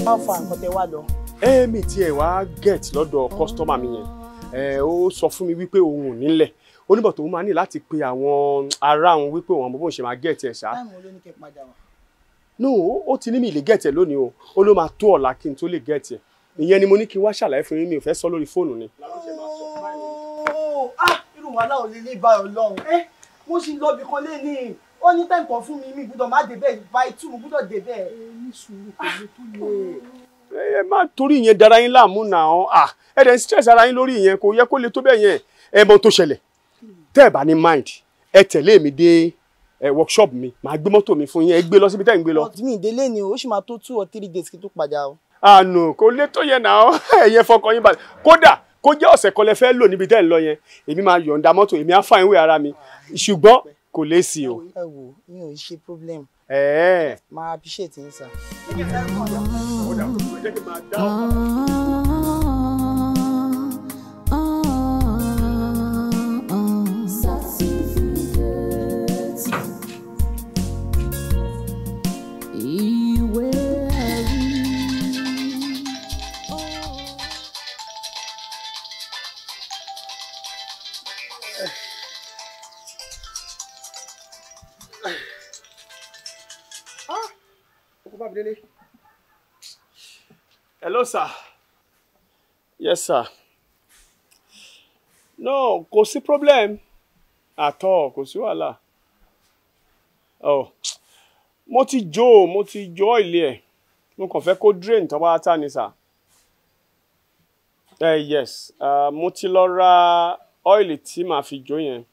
How far? Kọ̀tẹ́wá lọ èmi tiẹ̀ wá get lọ́dọ̀ kọ́sítọ́mà mi yẹn ó sọ fún mi wípé òun ò nílẹ̀ ó níbọ̀ tó máa ní láti pe àwọn ará òun wípé òun àbúrò ṣe máa get ẹ̀ ṣá. báwo no ó ti ní mi lè get ẹ lónìí o ó ló máa tó ọ̀la kí n tó lè get ẹ ìyẹn ni mo ní kí n wá ṣàlàyé fún mi ò fẹ́ sọ lórí fóònù ni. Ah, irú wàhálà ò lè lè bá ọlọ́run ẹ mo sì lọ ibì kan lé ní ó ní tẹ́ǹkan fún mi mi gbúdọ̀ má débẹ̀ báyìí tú mo gbúdọ̀ débẹ̀. ẹ ní sùúrù kò lè tó lè ẹ má torí ìyẹn dara yín láàmú náà ah ẹ dẹ̀ ń stress ara yín lórí ìyẹn kò yẹ kó le tó bẹ́ẹ̀ yẹn ẹ mọ tó ṣẹlẹ̀ tẹ́ ẹ bá ní mind ẹ tẹ̀lé mi dé ẹ workshop mi màá gbé mọ́tò mi fún yín ẹ gbé lọ síbi tẹ́ ẹ̀ ń gbé lọ. ọ̀dùnmí ìdílé ni o ó sì máa tó two or three days kí tó padà o. àánú kò lè tó yẹn náà ẹ̀yẹ fọkàn yín balẹ̀ kódà kó jẹ́ ọ̀sẹ̀ kan lẹ fẹ́ lò níbi tẹ́ ẹ̀ ń lọ yẹn èmi máa yọ̀ǹda mọ́tò èmi á fà ìwé ara mi ṣùgbọ́n kò lè sí o. ẹ wo mi ò ṣe problem Eh. máa appreciate yín sir. ó dà ó jẹ́ kí n máa dáhùn. hello sir yes sir no kò sí problem at all kò sí wàhálà oh mo ti jó o mo ti jó ilé ẹ mo kàn fẹ́ kó drain tán bá tà ní sir ẹ eh, yes uh, mo ti lọ ra ọ́ìlì tí màá fi jó yẹn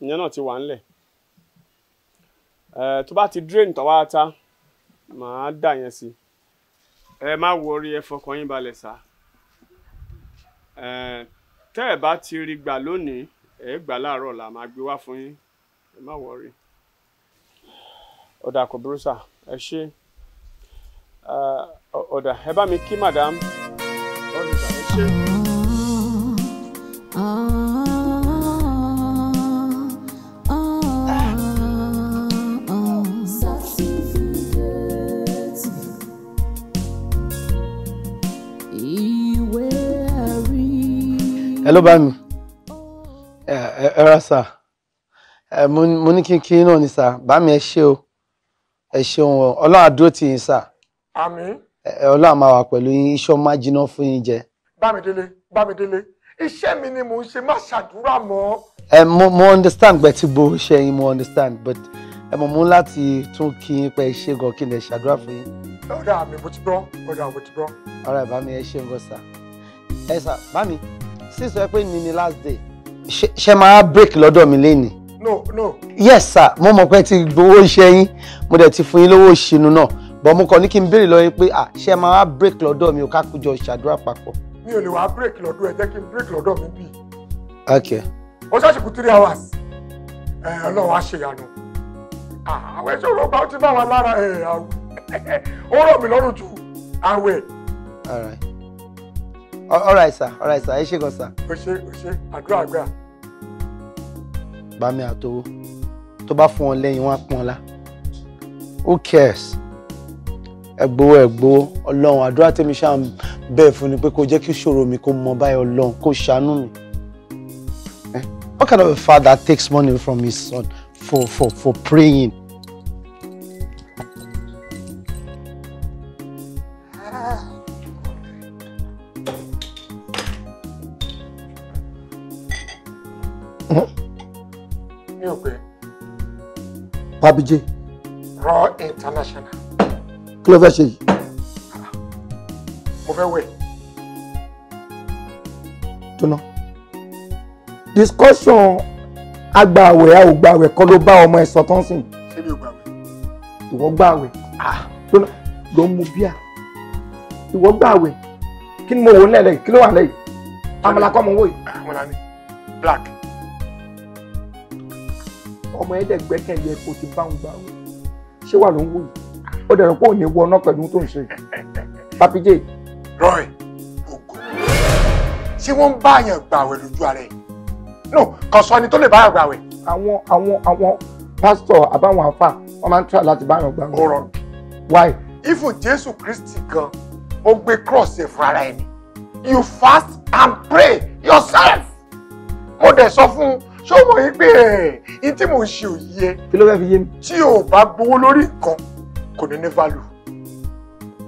ìyẹn náà ti wà ńlẹ̀ ẹ eh, tó bá ti drain tán bá tà màá dà yẹn sí ẹ má wọrí ẹ fọkàn yín balẹ̀ sá tẹ́ ẹ bá ti rí gbà lónìí ẹ gbà láàárọ̀ là máa gbé wá fún yín ẹ má wọrí. ọ̀dà kò burú sá ẹ ṣe ọ̀dà ẹ bá mi kí madam ọ̀dà ẹ ṣe. Hello, Bami. bá mi ẹ ra sà mo ní kíkí náà ni sà bá mi ẹ ṣe o ẹ ṣeun ọlọ́run àdúró tì yín sà. àmín. ọlọ́run máa wà pẹ̀lú yín iṣọ́ má jiná fún yín jẹ. bámidélé bámidélé iṣẹ́ mi ni mò ń ṣe má ṣàdúrà mọ́. mo mo understand gbẹ tí bo ṣe yín mo understand but ẹ mọ̀ mú láti tún kí yín pé ṣé gan kí n lè ṣàdúrà fún yín. ọ̀dà mi mo ti gbọ́ ọ̀dà mo ti gbọ́. ọ̀rẹ́ bá mi ẹ ṣe ń gọ́ sà ẹ sà bá sì sọ pé ní ni last day. ṣe máa break lọ́dọ̀ mi lẹ́nìí. no no. yes sir mo mọ̀ pé ti gbowó iṣẹ́ yín mo dẹ̀ ti fún yín lówó ìṣinú náà bọ̀ mo kàn ní kí n béèrè lọ́yìn pé ṣe máa break lọ́dọ̀ mi ò ká kújọ ṣàdúrà papọ̀. mi ò lè wá break lọ́dọ̀ ẹ jẹ́ kí n break lọ́dọ̀ mi bí. ok. ó ṣàṣìkú three hours ẹ ọlọ́run á ṣe ìyanu àwọn ẹṣẹ́ olóògbé ó ti bá wa lára ẹ̀ àwẹ̀ ó rọ̀ mí lọ́rùn ju àwẹ̀. all right. All right, sir All right, sir ẹ ṣe gan sir. o ṣe o ṣe àdúrà àgbà. bami àtọwọ́ tó bá fún ọ lẹ́yìn wọn á pọn ọlá who cares ẹ gbowó ẹ gbowó Ọlọ́run àdúrà tèmi ṣáà ń bẹ́ẹ̀ fún ni pé kó jẹ́ kí ìṣòro mi kó mọ báyìí Ọlọ́run kó ṣàánú mi. Eh? What kind of a father takes money from his son for for for praying? Babije. Raw International. Kí ló fẹ́ ṣe yìí? Mo fẹ́ wẹ̀. Jóná. Discussion agbàwẹ̀ a ò gbàwẹ̀ kọ́ ló bá ọmọ ẹ̀ sọ tán sìn. Ṣé mi ò gbàwẹ̀? Ìwọ gbàwẹ̀. Ah. Jóná lọ mú bíà. Ìwọ gbàwẹ̀. Kí ni mo wò ń lẹ̀lẹ̀? Kí ló wà lẹ́yìn? Àmàlà kọ́ mo wò yìí. Àmàlà ni black ọmọ yẹn dẹ̀ gbẹ́kẹ̀lé epo ti bá ń gbà ó ṣé wà ló ń wò yìí ó dẹ̀ rò pé ní wọ náà pẹ̀lú tó ń ṣe Papi Jay. Roy ogo ṣé wọ́n ń bá àyàn gbàwẹ̀ lójú ara ẹ̀ no kàn sọ ẹni tó lè bá àyàn gbàwẹ̀. àwọn àwọn àwọn pásítọ̀ àbáwọn afa wọn máa ń tura láti bá àyàn gbàwẹ̀. ó rọrùn. why. ifo Jésù Kristi gan ó gbé cross ẹ̀ fún ara ẹni you fast and pray yourself mo dẹ̀ sọ fún un ṣó mọ̀ yín pé ẹ̀ eh, ní tí mò ń ṣe òyì ẹ. kí ló fẹ́ fi yé mi. tí o bá gbowó lórí nǹkan kò ní ní value.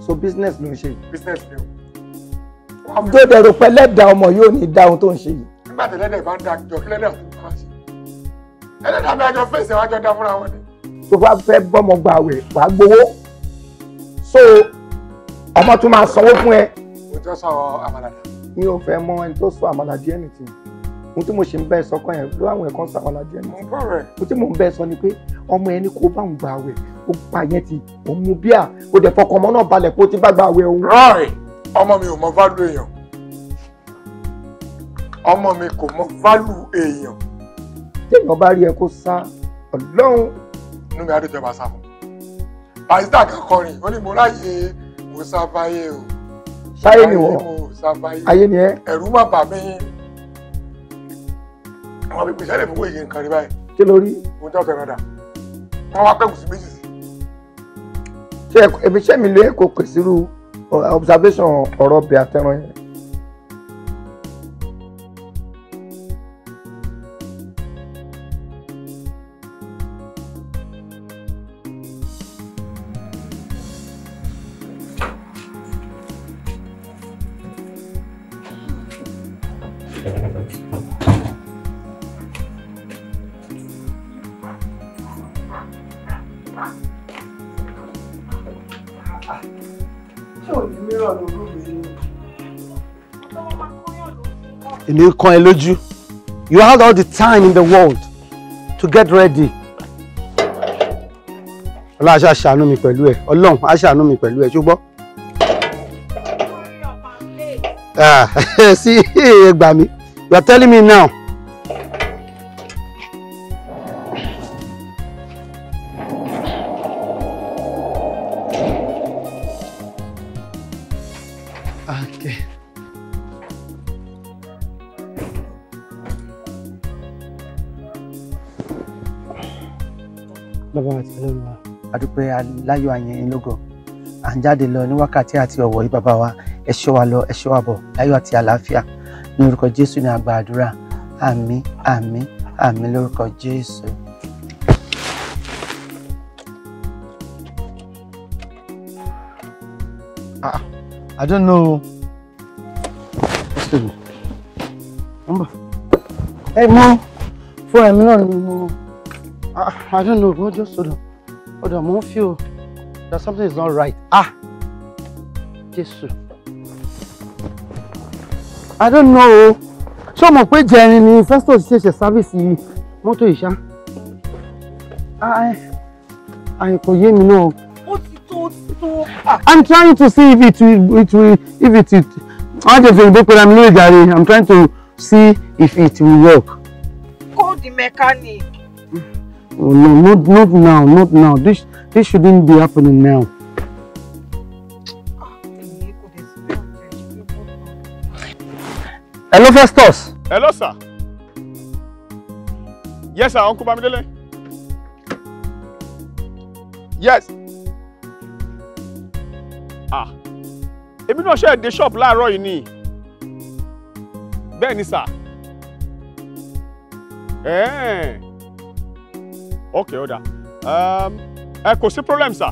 so business ló ń ṣe yìí. business ni o. tó dẹ̀rù pé lẹ́dàá ọmọ yóò ní dáhùn tó ń ṣe yìí. nígbà tí lẹ́dàá bá ń da àjọ kí lẹ́dàá fún wa ṣe. ẹlẹ́dàá bí àjọ fèsì wájọ dá fúnra wọn ni. tó bá fẹ́ bọ́mọ gba àwẹ̀ wàá gbowó. so ọmọ tún máa sanwó fún ẹ. mo jọ sọ àmàlà. mi ò fẹ́ mọ ẹni tó sọ àmàlà di anything ohun tí mo ṣe ń bẹ́ẹ̀ sọ kọ́ yẹn ló àwọn ẹ̀kọ́ sàwọn alájọ ẹni ohun tí mo ń bẹ́ẹ̀ sọ ni pé ọmọ ẹni kó bá òun gba àwẹ̀ ó pa yẹn ti òun mu bíà ó dẹ̀ fọkàn ọmọ náà balẹ̀ pé ó ti bá gba àwẹ̀ òun. ráì ọmọ mi ò mọ fálù èèyàn ọmọ mi kò mọ fálù èèyàn. téèyàn bá rí ẹ kó sá ọlọ́run. inú mi á dùn jọba sá fún pásítà kan kọrin ó ní mo ráyè kò sáfáyé o. sáyé ni wọ́n ayé má bà àwọn àbí gbèsè àlẹ́fọwọ́ èyí nǹkan rí báyìí. kí ló rí. mo jẹ́ ọ̀kẹ́ rádà wọ́n wá pẹ́kù sí méjì sí. ṣé ẹ̀mí sẹ́mi lé kò pèsè irú uh, observation ọ̀rọ̀ ọbẹ̀ àtẹ̀ràn yẹn. ní kan ẹ lójú you had all the time in the world to get ready ọlọ́run aṣá ṣàánú mi pẹ̀lú ẹ ọlọ́run á ṣàánú mi pẹ̀lú ẹ Ah, see, ẹ gbà mí you are telling me now láyọ̀ àyẹ̀yìn lógo à ń jáde lọ ní wákàtí àti ọ̀wọ̀ yìí bàbá wa ẹ ṣọ́ wa lọ ẹ ṣọ́ wa bọ̀ láyọ̀ àti àlàáfíà ní orúkọ jésù ní àgbà àdúrà àmín àmín àmín lórúkọ jésù. Ah, I don't know. Ẹ mọ fún ẹ̀mí náà ni mo. Ah, I don't know, mo jọ sọ̀rọ̀. Ọ̀dọ̀ mo ń fi o that something is not right. Ah! Jésù. I don't know. So my mọ̀ pé jẹrin ni Festus ṣẹ̀ṣẹ̀ sáfíìsì mọ́tò ìṣá? Àì kò yé I, náà. Ó ti tó, ó ah! I'm trying to see if it will, it will, if it will. Wọ́n jẹ́ fèrè bó pẹ̀lú àmì lórí I'm trying to see if it will work. Call the mechanic. Oh, no, not, not now, not now. This, This shouldn't be happening now. Hello, Festus. Hello, sir. Yes, sir, Uncle Bamidele. Yes. Ah. if Èmi náà share the shop láàárọ̀ yìí ni. Bẹ́ẹ̀ ni, sir. Eh. Okay, order. Um, ẹ kò sí problem sir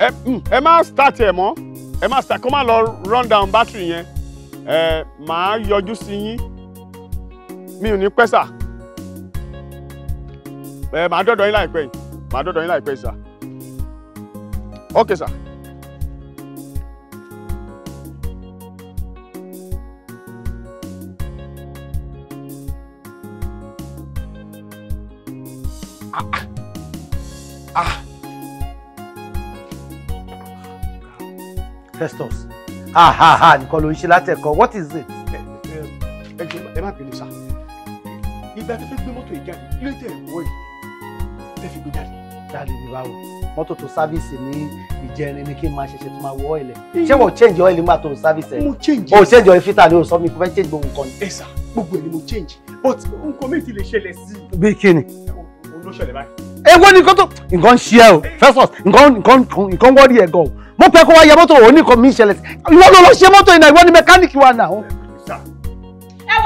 ẹ mm, ẹ má start ẹ mọ́ ẹ má start kó má lọ run down battery yẹn ẹ màá yọjú sí yín mi ò ní pẹ́ sà ẹ màá dọ́dọ̀ yín láìpẹ́ yìí màá dọ́dọ̀ yín láìpẹ́ yìí sà ok sà. investors ha ha ha nǹkan ló what is it. ẹ jẹ ẹ má bínú sá ìgbà tó fẹ́ gbé mọ́tò yìí jáde ilé tẹ̀ wọ́ yìí tẹ́ fi gbé jáde. jáde ní báwo mọ́tò tó sáfíìsì ní ìjẹrin ni kí n máa ṣẹ̀ṣẹ̀ tó máa wọ ọ̀ẹ̀lẹ̀ mm. ṣé wọ́n change oil nígbà tó ń sáfíìsì ẹ̀ mo change o change oil filter ni o sọ mi kò fẹ́ change gbogbo nǹkan ni. sir. sà gbogbo ẹ ni mo change but nǹkan mi ti lè ṣẹlẹ̀ sí i. bí kí ni. òun ló ṣẹlẹ̀ báyìí. ni nǹkan tó nǹkan ń o first of all nǹkan nǹkan nǹkan wọ́ọ̀rì ẹ̀ mo pẹ́ kó wá ya mọ́tò òun nìkan mi ìṣẹ̀lẹ̀ ìwọ ló lọ ṣe mọ́tò yìí ìwọ ni mẹkáníìkì wa náà. ẹ wo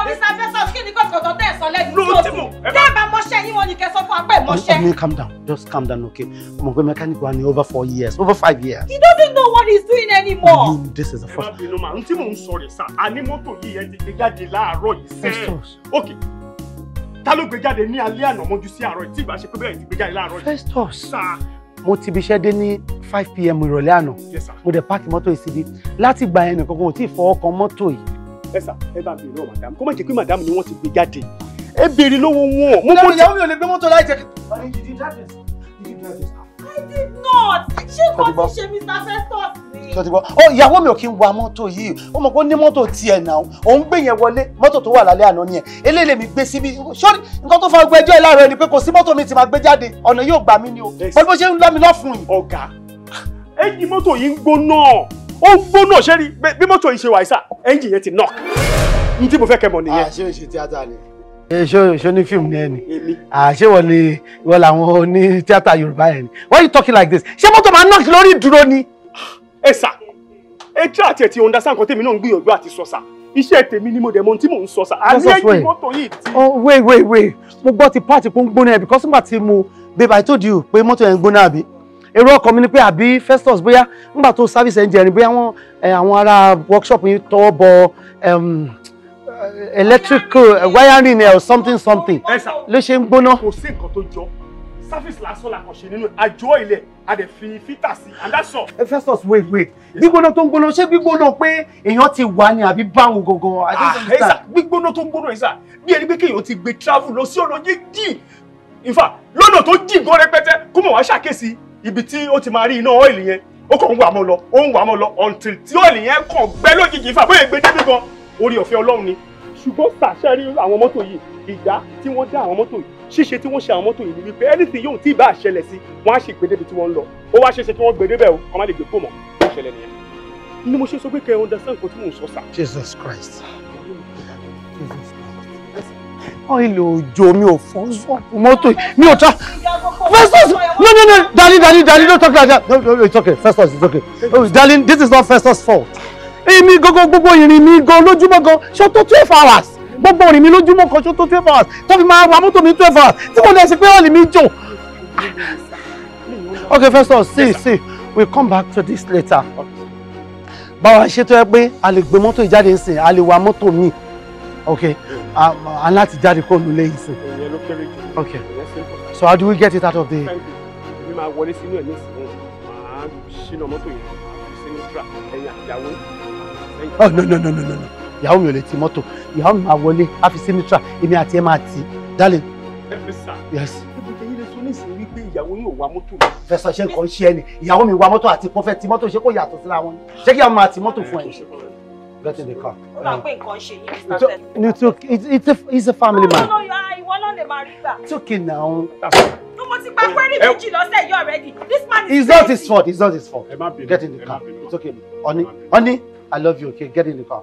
Mr. Festus kí ni kòkò tó tẹ̀ sọ lẹ́nu tó tù tẹ́ ẹ bá mọ́ṣẹ́ yín wọn ni kẹ́ fún apẹ́ mọ́ṣẹ́. omi calm down just calm down okay mo pe mẹkáníìkì wa ni over four years over five years. he doesn't know what he's doing anymore. you this is the first. ẹ má bínú màá tí mò ń sọ rẹ̀ sà ní mọ́tò yìí ẹ ti gbé jáde láàárọ̀ yìí sẹ́ẹ̀ ok ta ló gbé jáde ní alẹ́ àná mọ́jú sí àárọ̀ mo ti ibiṣẹ́ dé ní five pm ìrọ̀lẹ́ àná mo dẹ̀ páàkì mọ́tò yìí síbi láti gbà yẹn nìkan kan ò tí ì fọwọ́ kan mọ́tò yìí. ẹ sà ẹ bá mi lọ madam kó má jẹ́ pé madam ni wọ́n ti gbé jáde ẹ béèrè lọ́wọ́ wọn. mo mọ ìyàwó mi ò lè gbé mọ́tò láì jẹ́ kí. I did not ṣé kò ti ṣe Mr. Festus tó ti gbọ́ ọ oh, ìyàwó mi ò kí ń wa mọ́tò yìí ó mọ̀ pé ó ní mọ́tò tiẹ̀ náà òun gbé yẹn wọlé mọ́tò tó wà lálẹ́ àná nìyẹn eléyìí mi gbé síbi sórí nǹkan tó fa gbogbo ẹjọ́ ìlàrọ̀ ẹni pé kò sí mọ́tò mi ti máa gbé jáde ọ̀nà yóò gbà mí ni o pẹ̀lú bó ṣe ń lámi lọ́fun yìí. ọ̀gá ẹ́ńjì mọ́tò yìí ń gbóná ó ń gbóná ṣé rí bí mọ́tò yìí ṣe wà ìsà ẹ́ńjì yẹn ti knock ní tí mo fẹ́ kẹ́ mọ̀ ah, ni ṣó eh, ṣó ní fíìmù ni ẹ ni àṣé ah, wọn ni wọn làwọn oní tíátà yorùbá yẹn ni why you talking like this ṣé mọ́tò máa ń knock lórí ìdúró ni ẹ sà ẹ tí àti ẹ ti understand nǹkan tèmi náà ń gbìyànjú àti sọ sà iṣẹ́ tèmi ni mo dẹ̀ mọ ohun tí mò ń sọ sà àníyàn yìí mọ́tò yìí ti. oh wait wait wait mo gbọ́ ti páàtì pé ó ń gbóná ẹ̀ because nígbà tí mo babe i told you pé mọ́tò yẹn ń gbóná àbí èrò ọkàn mi ni pé àbí Festus bóyá nígbà tó service engineering bóyá wọn eh, àwọn ará workshop yìí tọwọ́ bọ eh, electrical eh, wiring or something something ló ṣe ń gbóná. kò sí nǹkan tó jọ service lásán la kàn ṣe nínú àjọ ilẹ̀ a dẹ̀ fi fítà sí and that's all. Festus wait wait gbígbóná tó ń gbóná ṣé gbígbóná pé èèyàn ti wà ní àbí báwọn gangan. ẹ̀sà ah, gbígbóná tó ń gbóná ẹ̀sà bí ẹni pé kéèyàn ti gbé travel lọ sí ọ̀nà yéjì in fact lọ́nà tó jìn gan rẹpẹtẹ kó mọ̀ wá ṣàkíyèsí ibi tí ó ti máa rí iná ọ́ìlì yẹn ó kàn ń wà mọ́ lọ ó ń wà mọ́ lọ until tí ọ́ìlì yẹn kàn gbẹ lójijì in fact bóyá gbé débi gan orí ọ̀fẹ́ Ọlọ́run ni ṣùgbọ́n sàṣẹ́rí àwọn mọ́tò yìí ìdá tí wọ́n dá àwọn mọ́tò yìí ṣíṣe tí wọ́n ṣe àwọn mọ́tò yìí ni wípé anything yóò tí ì bá ṣẹlẹ̀ sí wọ́n á ṣe ìgbé débi tí wọ́n lọ ó wá ṣeéṣe kí wọ́n gbé débẹ̀ o wọ́n má lè gbé fóònù ó ṣẹlẹ̀ nìyẹn ni mo ṣe sọ pé kẹ́ ẹ understand nǹkan tí mò ń sọ sà. Jesus Christ ọ̀hìn lè òjò mi ò fọ́ sọ́ọ̀pù mọ́tò mi ò ta Festus no no no darling darling darling don't talk like that no no it's okay Festus it's okay oh, darling this is not Festus fault èmi gangan gbogbo ìrìn mi gan lójúmọ́ gan ṣe tó twelve hours gbogbo òrìn mi lójúmọ́ kan ṣó twelve hours tó fi máa wa mọ́tò mi twelve hours tí kò lè pé ọ̀lì mi jò. okay first of all see see we come back to this later. báwa ṣe tó yẹ pé a lè gbé mọ́tò ìjáde ń sìn a lè wa mọ́tò mi okay a láti jáde kó nu lẹ́yìn sìn. okay so how do we get it out of the. oh no no no no. no ìyàwó mi ò lè ti mọ́tò ìyàwó mi máa wọlé á fi sí èmi àti ẹ máa tì í ẹ fi sà. yẹsì ìyàwó yóò wa mọ́tò. fẹsọ̀ ṣe nǹkan ṣe ẹni ìyàwó mi wa mọ́tò àti pọ́fẹ́ ti mọ́tò ṣe kó yàtọ̀ síra wọn get in the car. ó máa pé nǹkan it's a family man. ìwọ náà ah, lè máa rí it's okay now. this man is crazy. not his fault it's not his fault. get in the car it's okay honey honey i love you okay get in the car.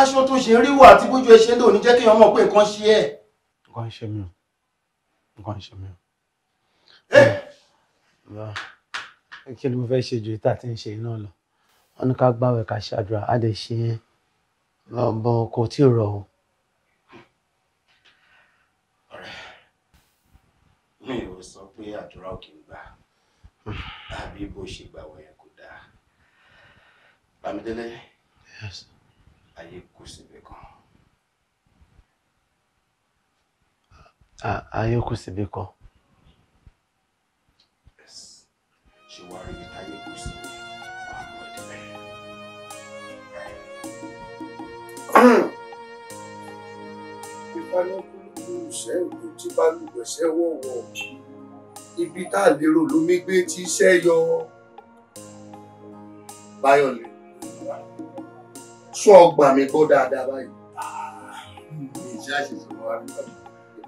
aṣọ tó ṣe rí àti bójú ẹ lò ní jẹ́ kí ọmọ pé nǹkan ṣe ẹ́. nǹkan ṣe mí o nǹkan ṣe mí o. kí ni mo fẹ́ ṣe ju ìta tí ń ṣe iná lọ wọn ní ká gbàwẹ̀ ká ṣàdúrà á lè ṣe yẹn lọ́bọ̀ kò tí ì rọ̀ o. mi ò sọ pé àdúrà ò kì í gbà àbí bó ṣe gbàwẹ̀ yẹn kò dáa. Bámidélé ayé kù síbi kan. ayé kù síbi kan. ṣé wàá rí ibi táyé kù sí àwọn ṣe ìlú tí balùwẹ̀ ṣe wọ̀wọ̀ ibi tá a lérò lómi gbé tí iṣẹ́ yọ báyọ̀ lè sọ ọgbà mi gbọ́ dáadáa báyìí. Ah, mi ì ṣáàṣì wá nígbà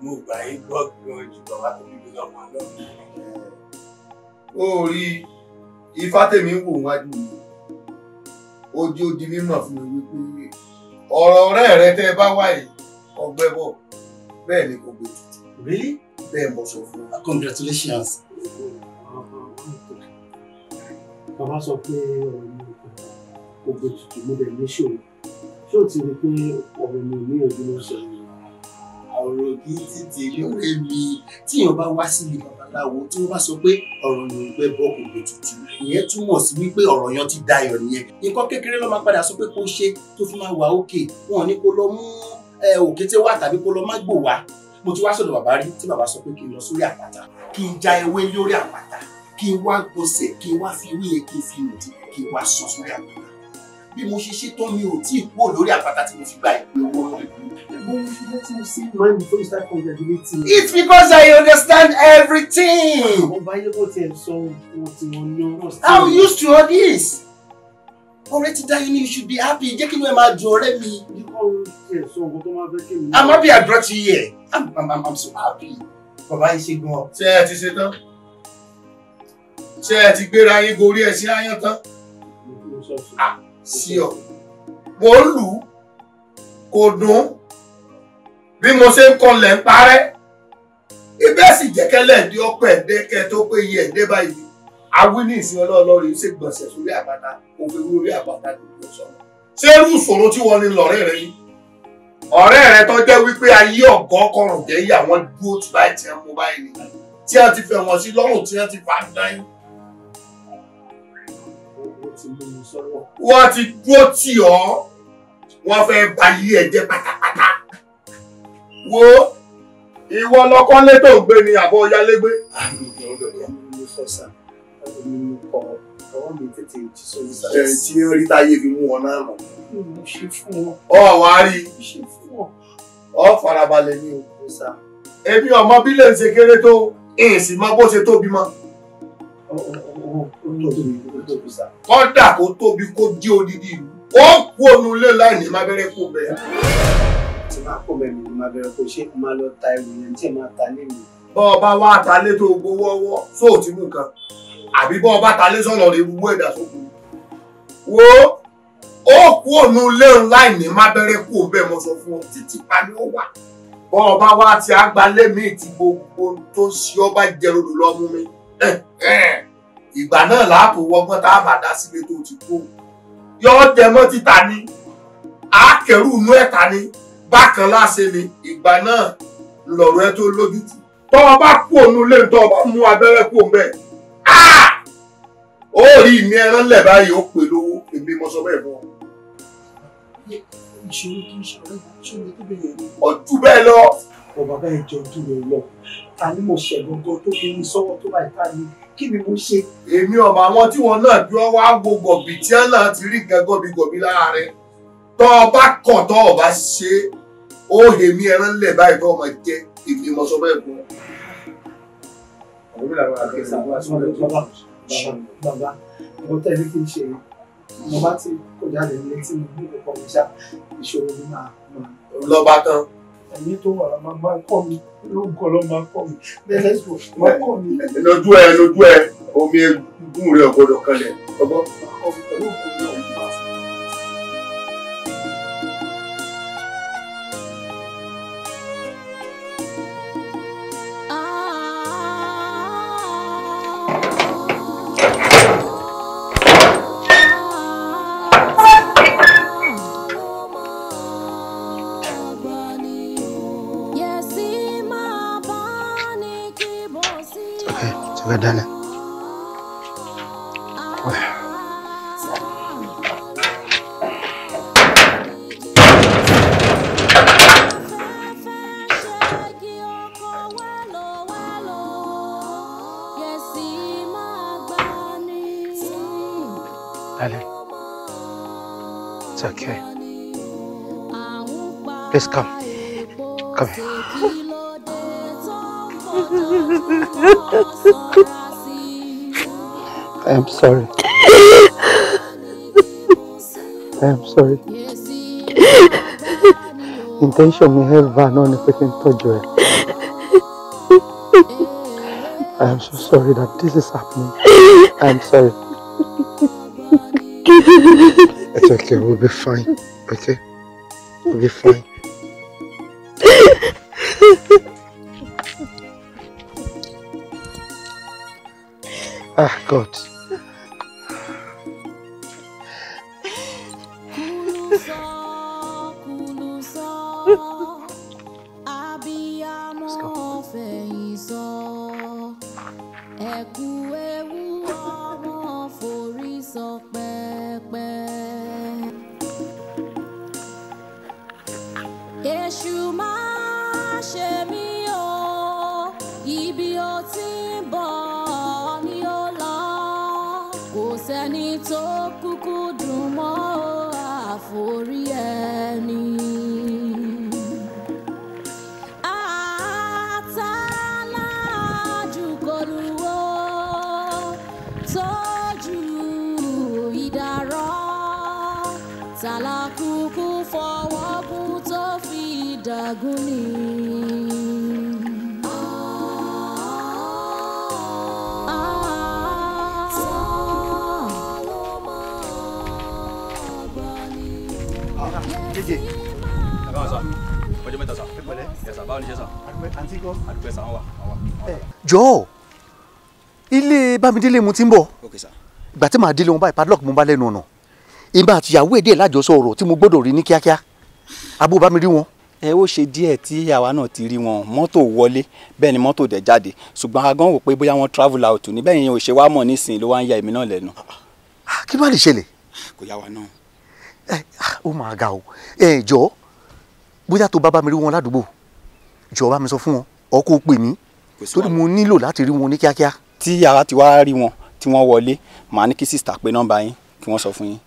mo gbà yín gbọ́ gbọ́n ju bàbá tó ní gbọ́dọ̀ mọ́ lọ́wọ́. ó rí ifá tèmi wò wájú mi ojú ó di mímọ̀ fún mi wípé ọ̀rọ̀ ọ̀rẹ́ rẹ tẹ́ ẹ bá wà ọgbẹ́ bọ̀ bẹ́ẹ̀ ni kò gbé tutù. really bẹ́ẹ̀ mo sọ fún wa. congratulations. bàbá sọ pé ọ̀rọ̀ mi ògbó tutù mo dẹ̀ ní ṣòro ṣé o ti rí i pé ọ̀rọ̀ mi ní òbí ló sọ. ọ̀rọ̀ kì í tètè lọ́rẹ́ mi tíyàn bá wá sílé babaláwo tí wọ́n bá sọ pé ọ̀rọ̀ yẹn gbẹ bọ́ ògbó tutù ìyẹn túmọ̀ sí wípé ọ̀rọ̀ yẹn ti dayọ̀ nìyẹn nǹkan kékeré ló máa padà sọ pé kó ṣe tó fi máa wà òkè wọn ò kó lọ mú òkété wá tàbí kó lọ má gbò wá mo ti wá sọ́dọ̀ bàbá rí tí bàbá sọ pé kí n lọ sórí àpáta kí n já ewé lórí àpáta kí n wá gbọ̀nsẹ̀ kí n wá fi wíyẹn kí n fi mùdí kí n wá sọ sórí àpáta bí mo ṣe ṣe tán mi ò tí ì kúrò lórí àpáta tí mo fi gba ìpè It's because I understand everything. I'm used to all this. already. ti dá you should be happy. Jẹ́ kí ló ẹ máa dùn ọ̀rẹ́ mi. I'm happy I brought you here. I'm, I'm, I'm, so happy. Bàbá yìí ṣe gan. Ṣé ẹ ti ṣe tán? Ṣé ẹ ti gbéra yín gorí ẹ sí ayán tán? Ah! sí ọ mo ń lù ú kò dùn bí mo ṣe ń kọlẹ̀ ń parẹ́ ibẹ̀ sì jẹ́kẹ́lẹ̀ dé ọpẹ́ ẹ̀dẹ́kẹ́ tó pé iye ẹ̀dẹ́ báyìí awí ní ìsìn ọlọ́ọ̀lọ́rin ó sì gbọ̀nsẹ̀ sórí àpáta òfin orí àpáta gbogbo sọ̀rọ̀ ṣé irú ìṣòro tí wọ́n ní lọ́rẹ́ rẹ yìí ọ̀rẹ́ rẹ tó jẹ́ wípé ayé ọ̀gọ́ kọrùn jẹ́ yà wọ́n dúró tí báyìí tí wọ́n mú báyìí nìyẹn tí wọ́n ti fẹ̀ wọ́n sí lọ́rùn tí wọ́n ti fà dáyìí ti mú mi sọ́wọ́. wọ́n ti dúró tì ọ́ wọ́n fẹ́ ba ilé ẹ jẹ́ pátápátá. wo ìwọ lọ́kọ́ létò gbé ni àbọ̀ yalégbé. tí ó rí táyé fi mú wọn náà lọ. ọ wá rí ọ farabalẹ̀ ní òkú èmi ọmọ bí lè ṣe kéré tó èsì mọ bó ṣe tóbi mọ kọ́dà kó tóbi kó dí odidi ìlú ó kú onulé láìní má bẹ̀rẹ̀ kó bẹ̀rẹ̀. tí máa kó bẹ̀rẹ̀ mi má bẹ̀rẹ̀ kó ṣe máa lọ ta ìròyìn ẹni tí máa ta nílùú. bọ́ ọ bá wá ta lé tó gbowó ọwọ́ sóòtú nìkan àbí bọ́ ọ bá ta lé sọ̀nà rẹ̀ wú ẹ̀dà sókun. wo ó kú onulé láìní má bẹ̀rẹ̀ kó bẹ́ẹ̀ mo sọ fún ọ títí pa ni ó wà bọ́n ọba wá ti àgbálẹ́ mi ti gbogbo tó ń ṣe ọba jẹrodò lọ́mú mi ìgbà náà láàpò wọgbọ́n tá a bà dá sílé tó ti kó yọ jẹmọ́ títà ni àákẹ́rù inú ẹ̀ta ni bákan láṣẹ ni ìgbà náà lọ̀rọ̀ ẹ tó lójútù tọ́ ọ bá kú òun lé tọ́ ọ bá mú abẹ́rẹ́ kú òun bẹ́ẹ̀ ó rí ìmí ẹran lẹ̀ báyìí ó pè lówó èmi mo sọ bẹ́ẹ̀ fún ó jù bẹ́ẹ̀ lọ. ọ̀bàbá ìjọ dùn mí lọ ta ni mo ṣẹ̀gbọ́n gan tó fi ń sọ́wọ́ tó báyìí ká ní kí ni mo ṣe. èmi ọmọ àwọn tí wọn náà bí wọn wá wo gọbì tí wọn náà ti rí nǹkan gọbì gọbì lára rẹ tọ ọba kàn tọ ọba ṣe ó hèmí ẹran lẹ báyìí tó ọmọ jẹ èmi mo sọ bẹ́ẹ̀ fún ọ. bàbá mo tẹ̀lé kí n ṣe mo bá ti kó jáde nílé tí mo ní kókó mi ṣá ìṣòro mi máa. lọ́ba tán ẹ̀yin tó wà máa máa kọ́ mi lórúkọ lọ́ máa kọ́ mi lẹ́lẹ́sọ̀ máa kọ́ mi. lójú ẹ lójú ẹ omi egun rẹ ọgbọdọ kanlẹ ọgbọ. ọkọ mi pẹ̀lú òkú náà. know. sorry. I am sorry. Intention may ever known a freaking torture. I am so sorry that this is happening. I am sorry. It's okay, we'll be fine. Okay? We'll be fine. Ah, God. ibi ó ti ń bọ̀ ni ó lọ kò sẹ́ni tó kúkú dùn mọ́ àforí ẹni. yẹsà báwo ni jẹsà. àǹtí kọ́. àdúgbò ẹ̀sà wà wà. jọ̀ọ́ ilé bámidélé mu ti ń bọ̀ ìgbà tí màá délé wọn báyìí padlock mo bá lẹ́nu ọ̀nà ìgbà àtìyàwó èdè lájọsọ ọ̀rọ̀ tí mo gbọ́dọ̀ rí ní kíákíá abó bá mi rí wọn. ẹ ó ṣe díẹ̀ tí àwa náà ti rí wọn mọ́tò wọlé bẹ́ẹ̀ ni mọ́tò dẹ̀ jáde ṣùgbọ́n agán wò pé bóyá wọ́n travel out níbẹ̀ yẹn ò ṣe wá mọ̀ nísìnyí ló wá ń ya èmi náà lẹ́nu. Ah, kí ló wà lè ṣẹlẹ̀. kò yá wa náà. Ah, ó máa ga o ẹ jọ bóyá tó bá bá mi rí wọn ládùúgbò jọ̀ọ́ mi sọ fún wọn ọkọ pè mí torí mo nílò láti rí wọn ní kíákíá. tí yàrá ti wá rí wọn tí wọ́n wọlé màá ní kí sista pé nọ́mbà yín kí wọ́n sọ fún yín.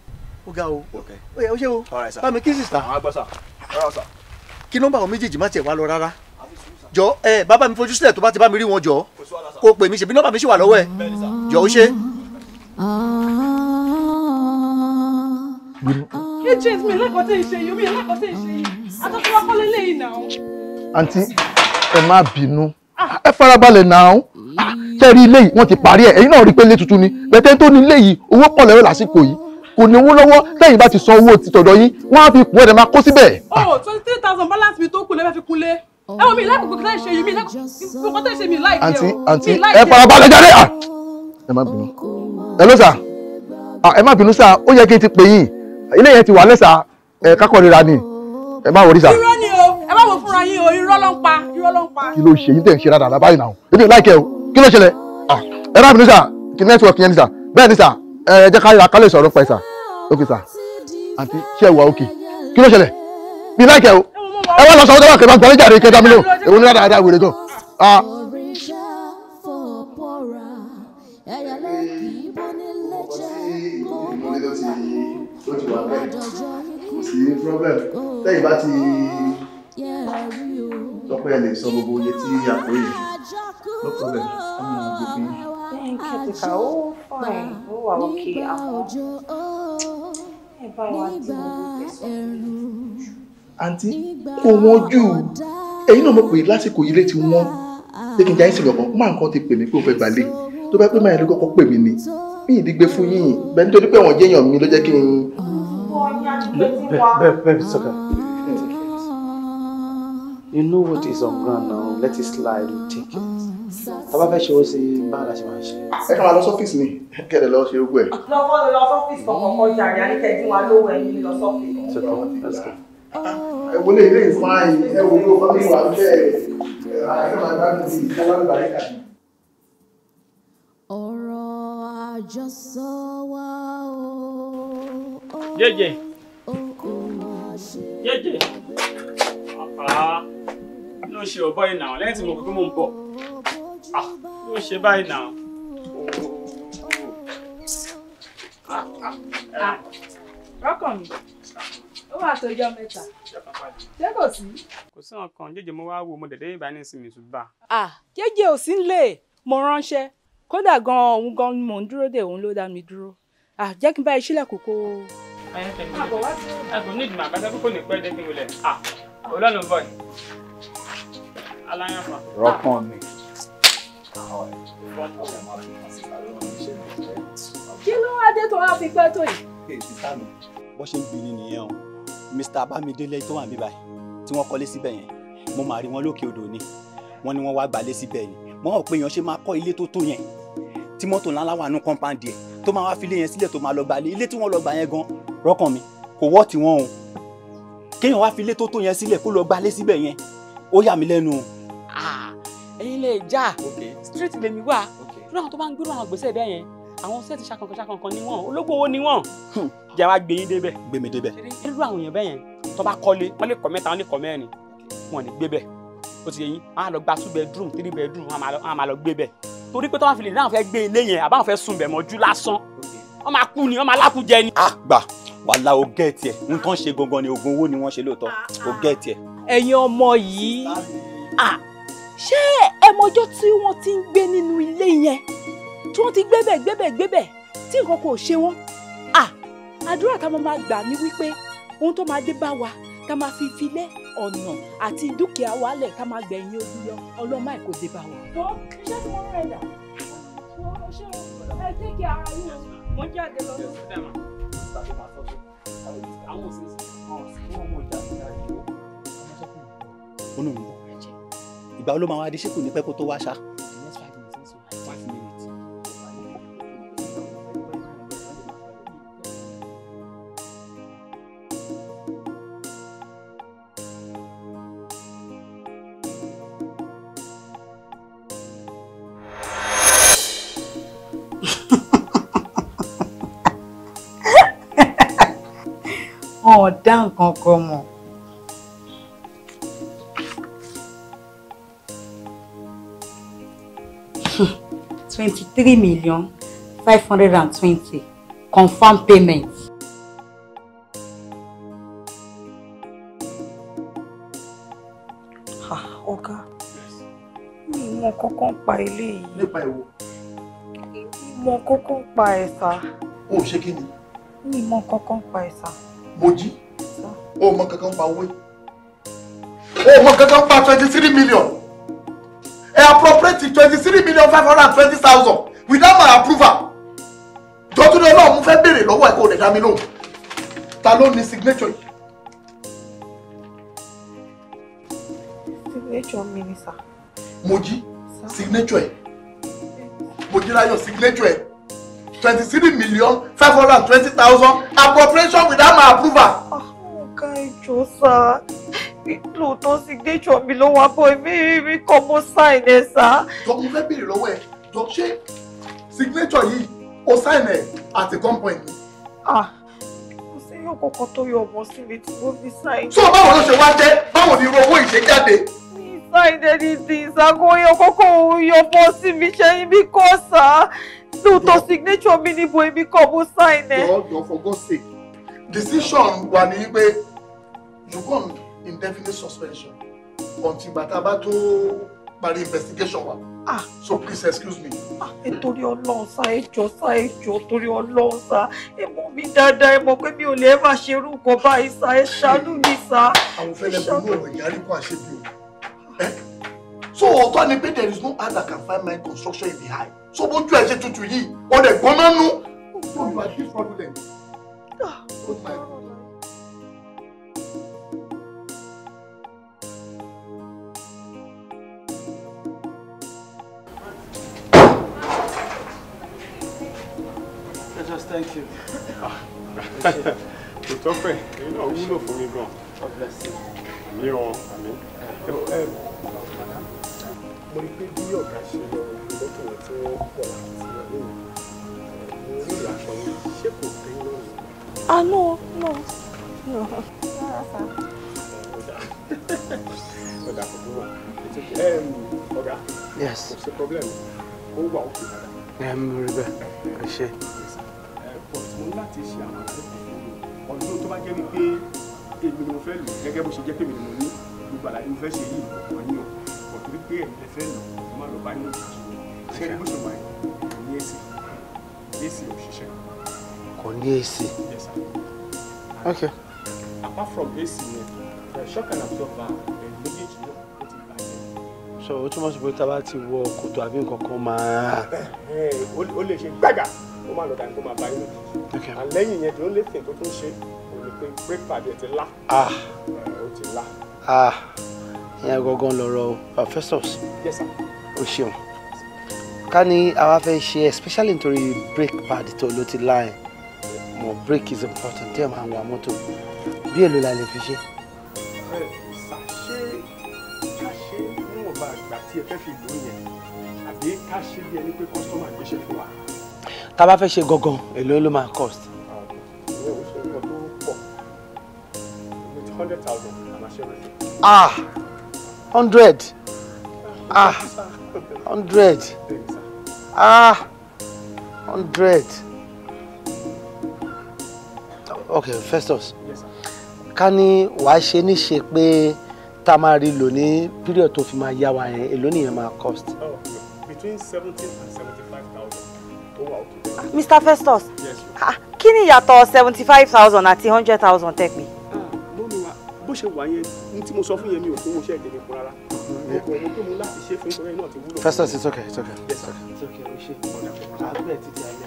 ó ga o ó yẹ ó ṣe o bá mi kí sista kí nọ́mbà àwọn méjèèjì má tiẹ̀ wá lọ rárá jọ ẹ bàbá mi fojú sílẹ̀ tó bá ti bá mi rí wọn jọ kó pè mí ṣèbí nọ́mbà mi ṣì wà lọ́wọ́ ẹ jọ ó ṣe. Agent mi lẹ́kọ̀ọ́ tẹ́ ìṣe yìí mi lẹ́kọ̀ọ́ tẹ́ ìṣe yìí àtọ́tọ́ wa kọ́lé lẹ́yìn náà àǹtí ẹ má bínú ẹ farabalẹ̀ náà tẹ́rí ilé yìí wọ́n ti parí ẹ̀ ẹ̀yin náà rí pé ilé tuntun ni bẹ̀tẹ́ tó ní ilé yìí owó pọ̀ lẹ́wọ̀ lásìkò yìí kò ní owó lọ́wọ́ tẹ́yìn bá ti san owó ti tọ̀dọ̀ yín wọ́n á fi kún ẹ̀dẹ̀ máa kó síbẹ̀. ọ oh, twenty three thousand balance mi tó kù lẹ́fẹ̀ẹ́ fi kúnlé ẹ wo mi láì kókó tẹ́ ṣe yìí mi láì kókó tẹ́ ṣe mi láì jẹ́ o àǹtí àǹtí ẹ farabalẹ̀ jáde à ah! ẹ má bínú ẹ ló sà ah, ẹ má bínú sà ó yẹ kí n ti pè yín ilé yẹn ti wà lẹ́sà ẹ kákọ̀ọ́nira ni ẹ má wọrí sà. irọ́ ni pa irọ́ ló ń pa. kí ló ṣe yín tẹ̀ ń ṣe rádà lábá yìí náà ebi ò láìkẹ́ o kí ló ṣẹlẹ̀ ẹ rà mí ní sà kí nẹ́tíwọ̀kì yẹn ní sà bẹ́ẹ̀ ní sà ẹ jẹ́ ká yà kálẹ̀ sọ̀rọ̀ pẹ̀ sà ok sà àǹtí ṣẹ́ wà ok kí ló ṣẹlẹ̀ mi láìkẹ́ o ẹ wá lọ sọ ọdọ kẹfà gbọlẹ jàre kẹta mi lò èwo ni rádà rádà wèrè gan. kò sí problem lẹ́yìn bá ti pé ẹ lè sọ gbogbo oye tí a kò yẹ no problem ọmọ gbogbo yín. kẹtìkà ó fine ó wà òkè àmọ́ ẹ bá wa ti gbogbo tẹsán. àǹtí kò wọ́n jù ẹ̀yin náà mọ̀ pé lásìkò ilé ti wọ́n pé kí n jáyé sí lọ́kàn máa nǹkan ti pè mí pé ó fẹ́ gbalẹ̀ tó bá pẹ́ máa yẹn ló pè mí ni bí ìdígbé fún yín bẹ́ẹ̀ nítorí pé àwọn jẹ́yàn mi ló jẹ́ kí n. bẹ́ẹ̀ bẹ́ẹ̀ bẹ́ẹ̀ sọ̀rọ̀ you know what is on ground now let it slide you take it tá a bá fẹ́ ṣe ó ṣe bá a ṣe máa ṣe. ẹ kàn máa lọ sọ́fíìsì mi kẹ́lẹ̀ lọ ṣe ogun ẹ̀. lọ́wọ́ lọ sọ́fíìsì kankan kan jàre àníkẹ́jú wa lówó ẹ̀yìn lọ sọ́fíìsì. ẹ wọlé ilé ìfọ̀n ẹ wò ló bá mi wà bẹ́ẹ̀ ẹ máa bá mi sí ìfọ̀n láti bàyẹ̀ kà. ọ̀rọ̀ àjọsọ wa o. jẹ́jẹ́ jẹ́jẹ́. 啊。Uh ah, huh. Ah kí ló ṣe ọ̀bọ ìnà lẹ́yìn tí mo kọ́ pé mò ń bọ̀ kí ló ṣe báyìí nà rọ́kàn mi ó wà tó jọ mẹ́ta ṣé kò sí. kò sí ọkàn jẹjẹ mo wá wo mo dẹdẹ yìnbọn ní ìsinmi ìṣùgbà. jẹjẹ ò sí nílé mo ránṣẹ́ kódà gan-an òun gan-an mò ń dúró dè òun ló dá mi dúró jẹ́ kí n bá ẹ sílẹ̀ kókó. àbọ̀ wá ní ìdùnnú àbájá kókó ní pẹ́ẹ́dẹ́gbẹ̀wò lẹ̀ ọlọ́run bọ̀ yìí aláyànfà. rọ́pọ̀n mi. kí ló wá dé tó wá fi pẹ́ tó yìí. sísá mi bó ṣe ń bini nìyẹn o Mr. Bámidélé tó wà níbí báyìí tí wọ́n kọ́lé síbẹ̀ yẹn mo máa rí wọn lókè odò ni wọ́n ní wọ́n wá gbalé síbẹ̀ yìí mo hàn pé èèyàn ṣe máa kọ́ ilé tó tó yẹn tí mọ́tò ńláńlá wà nù kọ́ńpáǹdì ẹ̀ tó máa wá fi ilé yẹn sílẹ̀ tó máa lọ gbalé ilé tí wọ́n lọ gbà yẹn gan rọ́kàn mi kò wọ́ tiwọn o kéèyàn wá fi ilé tó tó yẹn sílẹ̀ kó lọ gbalé síbẹ̀ yẹn ó yà mí lẹ́nu o ẹ̀yin lè já street lèmi wà lórí àwọn tó máa ń gbérò àwọn gbèsè bẹ́ẹ̀ yẹn àwọn sẹ́ẹ̀tì ṣàkànkàn ṣàkànkàn ni wọ́n ológbò owó ni wọ́n hmm. jẹ́ wá gbé yín débẹ̀. gbèmí débẹ̀. irú àwọn èèyàn bẹ́ẹ̀ yẹn tó bá kọ́lé wọ́n lè kọ́ mẹ́ta wọ́n lè kọ́ mẹ́rin wọn ò gbé bẹ́ẹ̀ ó ti yẹ yín á lọ gba two bedroom three bedroom wọn á máa lọ gbé bẹ́ẹ̀ torí pé tó bá fi lè dáhùn fẹ́ gbé ilé yẹn àbáwọn fẹ́ sùn bẹ̀ mọ́jú lásán wọ́n máa kú ni wọ́n máa lákú jẹ ni. a ah, gbà wàhálà o gẹ̀ẹ́tì ẹ̀ ń tán ṣe gangan ni oògùn owó ni wọ́n ṣe lóòótọ́ ah. o gẹ̀ẹ́tì ẹ̀yin ọmọ yìí ṣé ẹ mọjọ́ tí wọ́n ti ń gbé nínú ilé yẹn tí wọ́n ti gbébẹ̀ gbébẹ̀ gbébẹ̀ tí nǹkan kò ṣe wọ́n à àdúrà tá a máa gbà ní wípé ohun tó máa dé bá wa tá a máa fi filẹ̀ ọ̀nà àti dúkìá wa lẹ̀ ká máa gbẹ̀yìn ojú lọ ọlọ́mọ àìkò dé bá wa. tó iṣẹ́ rẹ̀ dà wọ́n ẹ jẹ́ kí ara yín mo jáde lọ. ó nà mí bọ̀ ìgbà ló máa wá di ṣé kò ní pẹ́ kó tó wá ṣá. ọ̀dá nǹkan mọ̀. twenty-three million five hundred and twenty confirm payment. ọ̀gá mi mọ kọ́kọ́ pa ilé yìí. nípa ìwọ. mi mọ kọ́kọ́ pa ẹ̀sà. o ò ṣe ni. mi mọ kọ́kọ́ pa ẹ̀sà. mo jí o mọ kankan pa owó o mọ kankan pa twenty three million ẹ appropriate twenty three million five hundred and twenty thousand without my approval jọ́tún ní ọlọ́run fẹ́ béèrè lọ́wọ́ ẹ̀ kó lè dá mi lóhùn ta ló ní signature yìí. signature mi ni sà. Mojí signature ẹ̀ Mojíráyọ̀ signature ẹ̀ twenty three million five hundred and twenty thousand appropriation without my approval. Ah, ọ̀gá ìjọ sá lóòótọ́ signature mi ló wá bọ́ mi mi kọ́ mo sign ẹ̀ sá. jọ mo fẹ́ béèrè lọ́wọ́ ẹ̀ jọ ṣé signature yìí o sign ẹ̀ at a gunpoint ni. ah kò sí yóò kọ̀kan tó yọ ọmọ sí mi tí mo fi sign. sọ báwo ló ṣe wá jẹ báwo ni irú owó ìṣèjáde. mi sign anything ṣàkóyọ kókó yọ ọmọ sí mi ṣẹ́yìn mi kọ́ sá lóòótọ́ signature mi níbo èmi kọ́ mo sign ẹ̀. jọ jọ for God's decision wà ní pé you come indefinite suspension until bàtà bá tó parí investigation wa ah so please excuse me. ah nítorí ọlọ́run sá ẹjọ́ sá ẹjọ́ torí ọlọ́run sá ẹ mọ̀ mí dáadáa ẹ mọ̀ pé mi ò lè ẹ́fà ṣe irú nǹkan báyìí sá ẹ ṣàánú mi sá. àwọn fẹlẹ burú ọ̀rọ̀ ìyárí kó àṣebí o so ọ̀tọ̀ ni pé there is no other can find my construction in the high. so bójú ẹ ṣe tutù yìí ọ̀dẹ̀ gbọ́nánú. olùwàdí fraudulent. Ah. thank you. ìtọ́pẹ̀ èyí náà wúlò fún mi gan. mi ò àmì. mo rí pé bí ọ̀gá ṣe lọ mọ́tò wọn tí wọ́n pọ̀ láti ìyàwó mi rí ìyàtọ̀ mi ṣé kò dé lónìí. ah no no no. ọ̀gá kò tó wà ọ̀gá kò sí problem ó wà ó fi padà. ẹ mú rí bẹ́ẹ̀ ẹ ṣe but mo ní láti ṣe àwọn akẹ́kọ̀ọ́ fún mi ọdún tó bá jẹ́ wípé èmi ni mo fẹ́ lù gẹ́gẹ́ bó ṣe jẹ́ pèmí ni mo ní gbogbo àlàyé mo fẹ́ ṣe yìí ọ̀pọ̀ ní o but wípé ẹ̀mí lè fẹ́ lù mo máa lọ bá yín lòdì ṣé ẹni bó ṣe wà yìí ní èsì èsì òṣìṣẹ́. kò ní èsì. apart from èsì yẹn shock and absorber ẹ̀ eh, méjèèjì náà ó ti pé tá a bá ti wọ kòtò àbí nǹkan kan máa. Eh, eh, ó lè ṣe gbàgà ó má lọ dání kó máa bá yín lójijì àlẹ́yìn yẹn the only thing tó tún ṣe kò ní pé break pad ẹ̀ ti lá ah. eh, ó ti lá. Ah. ìyẹn gangan lọ̀rọ̀ professors o ṣeun ká ní àwa fẹ́ ṣe especially nítorí break pad tó ló ti lá ẹ̀ mọ̀ is important díẹ̀ máa ń wa mọ́tò bí èlò la lè fi ṣe. ṣàṣe eh, ṣàṣe níwọ̀nba àgbà tí ẹ fẹ́ fi lò yẹn àbí ká bí ẹni pé kọ́sọ́mà gbéṣẹ́ fún wa tá a bá fẹ́ ṣe gangan èlò ló máa cost. ah hundred ah hundred ah hundred okay Festus ká ní wàá ṣe níṣe pé tá a máa rí lò ní period tó fi máa yá wa yẹn èlò nìyẹn máa cost. Oh, between seventeen and seventy-five thousand. Mr. Festus kí ni ìyàtọ̀ seventy five thousand àti hundred thousand tẹ́ pé. bó ṣe wà yẹn ní tí mo sọ fún yẹn mi ò fún oṣù ẹ̀dẹ̀ mi kún rárá ọkọ̀ ọmọ tó mú láti ṣe fún ìṣọ̀rẹ́ náà ti wúlò. Festus it's okay it's okay. yes okay. it's okay o ṣe àgbẹ̀ títí ayé.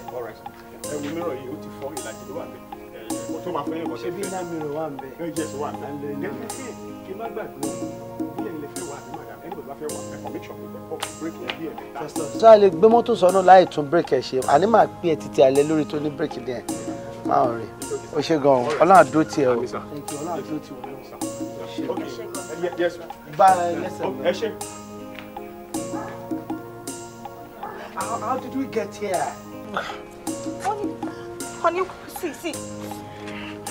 ẹ̀wù mìíràn yìí ó ti fọ́ ìlàjì ló wà bẹ́ẹ̀ ẹ̀ tó máa fẹ́ yẹn bọ́ sẹ́fẹ́. ṣé bí iná mìíràn wà ń bẹ́ẹ̀. ẹ̀ jẹ́sí wà ń bẹ́ẹ̀. So I like be mọ́tò sọ́nà láì to break ẹ̀ ṣe àní máa pín ẹ títí alẹ́ lórí tó ní bírèkì ní ẹ̀ máa ń rìn ó ṣe gan o ọlọ́run àdúró tiẹ̀ o ọlọ́run àdúró tiẹ̀ o bá ẹ ṣe. How, how did we get here? Honey, honey, see, see,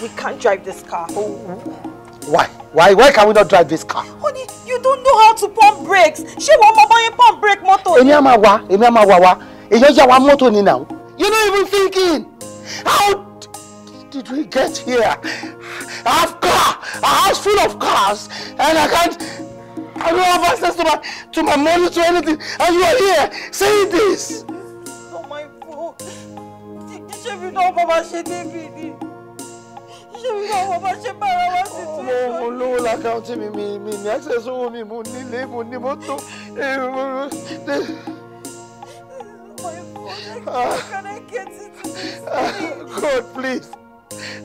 we can't drive this car. Oh. Why? Why? Why can we not drive this car? Honey, you don't know how to pump brakes. She won't mọ bóyá pump brake motor. Èmi á máa wá, èmi á máa wá wá. Èèyàn yà ni now. You're not even thinking. How did we get here? I have car, a house full of cars, and I can't... I don't have access to my, to my money, to anything. And you are here saying this. It's oh not my fault. Ṣé mi náà bàbá ṣe débi ni? ṣé bí báwo bá ṣe bára wá sí tún. mo mo lówó lákàntì mi mi mi ní mo nílé mo ní Can I get it? God, please.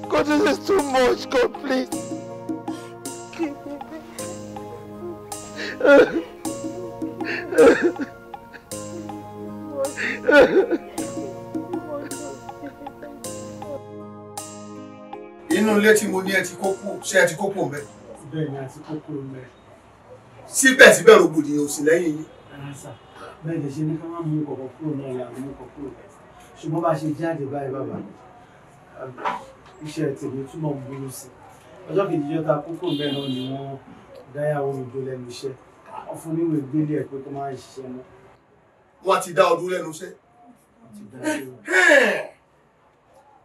God, this is too much. God, please. Give me nínú ilé tí mo ní ẹ ti kókó ṣé ẹ ti kókó mbẹ. bẹ́ẹ̀ ni a ti kókó mbẹ. síbẹ̀síbẹ̀ rògbòdìyàn ò sí lẹ́yìn yín. bẹ́ẹ̀ ni ṣe ní ká má mú kọ̀kọ́ kúrò náà là mú kọ̀kọ́ kúrò ṣùgbọ́n bá ṣe jáde báyìí bàbá iṣẹ́ tèmi túmọ̀ ń burú sí ọjọ́ kejì yọta kókó mbẹ náà ni wọ́n dáyàwó mi dó lẹ́nu iṣẹ́ wọ́n fún níwèé gbélé ẹ̀ pé kó má ṣiṣẹ́ mọ́. wọ́n ti dá ọdún lẹ́nu iṣẹ́. wọ́n ti dá ọdún lẹ́nu iṣẹ́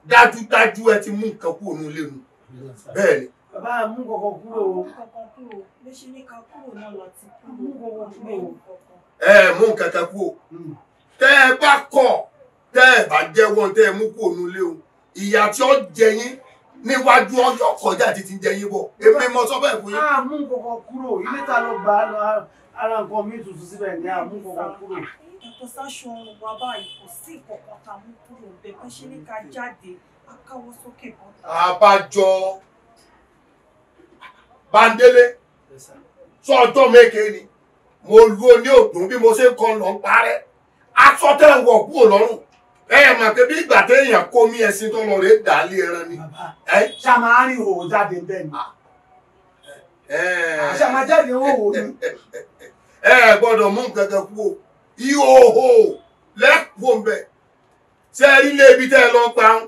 dájúdájú ẹ ti mú nǹkan kúrò ní ilé nu bẹ́ẹ̀ ni. bàbá mú kọ̀kọ̀ kúrò o. kọ̀kọ̀ kúrò ní ká kúrò náà lọ ti mú kọ̀kọ̀ kúrò o. ẹ mú nǹkan kan kúrò hmm. tẹ́ ẹ bá kọ̀ tẹ́ ẹ bá jẹ́wọ́ tẹ́ ẹ mú kúrò ní ilé o ìyá tí ó jẹ yín níwájú ọjọ́ kọjá àti ti jẹ yín bọ̀ èmi mo sọ bẹ́ẹ̀ fún yín. a ah, mú kọ̀kọ̀ kúrò ilé ta ló gbà á lọ ara nǹkan mi tuntun síbẹ̀ ni a ah, mú kọ̀kọ̀ kúrò nǹkan tó sáṣọ wa báyìí kò sí ìkọ̀kan tá a mú kúrò bẹ́ẹ̀ bá ṣe ní ká jáde a káwọ́ sókè bọ́ta. àbájọ bandele sọ ọjọ́ méje ni mo lu oní ògùn bí mo ṣe ń kan lọ ń parẹ́ aṣọ tẹ̀ ń wọ̀ kúrò lọ́rùn ẹ mà pé bí ìgbà téèyàn kó mí ẹṣin tó lọ rèé dà á lé ẹran ni. ṣá máa rí òwò jáde bẹ́ẹ̀ ni. Ah. àṣà máa jáde òwò ni. ẹ gbọ́dọ̀ mú nǹkan kan kú o ìhòòhò lẹ́kùn bẹ̀ ṣe é rí lé ibi tẹ́ ẹ lọ gbà ń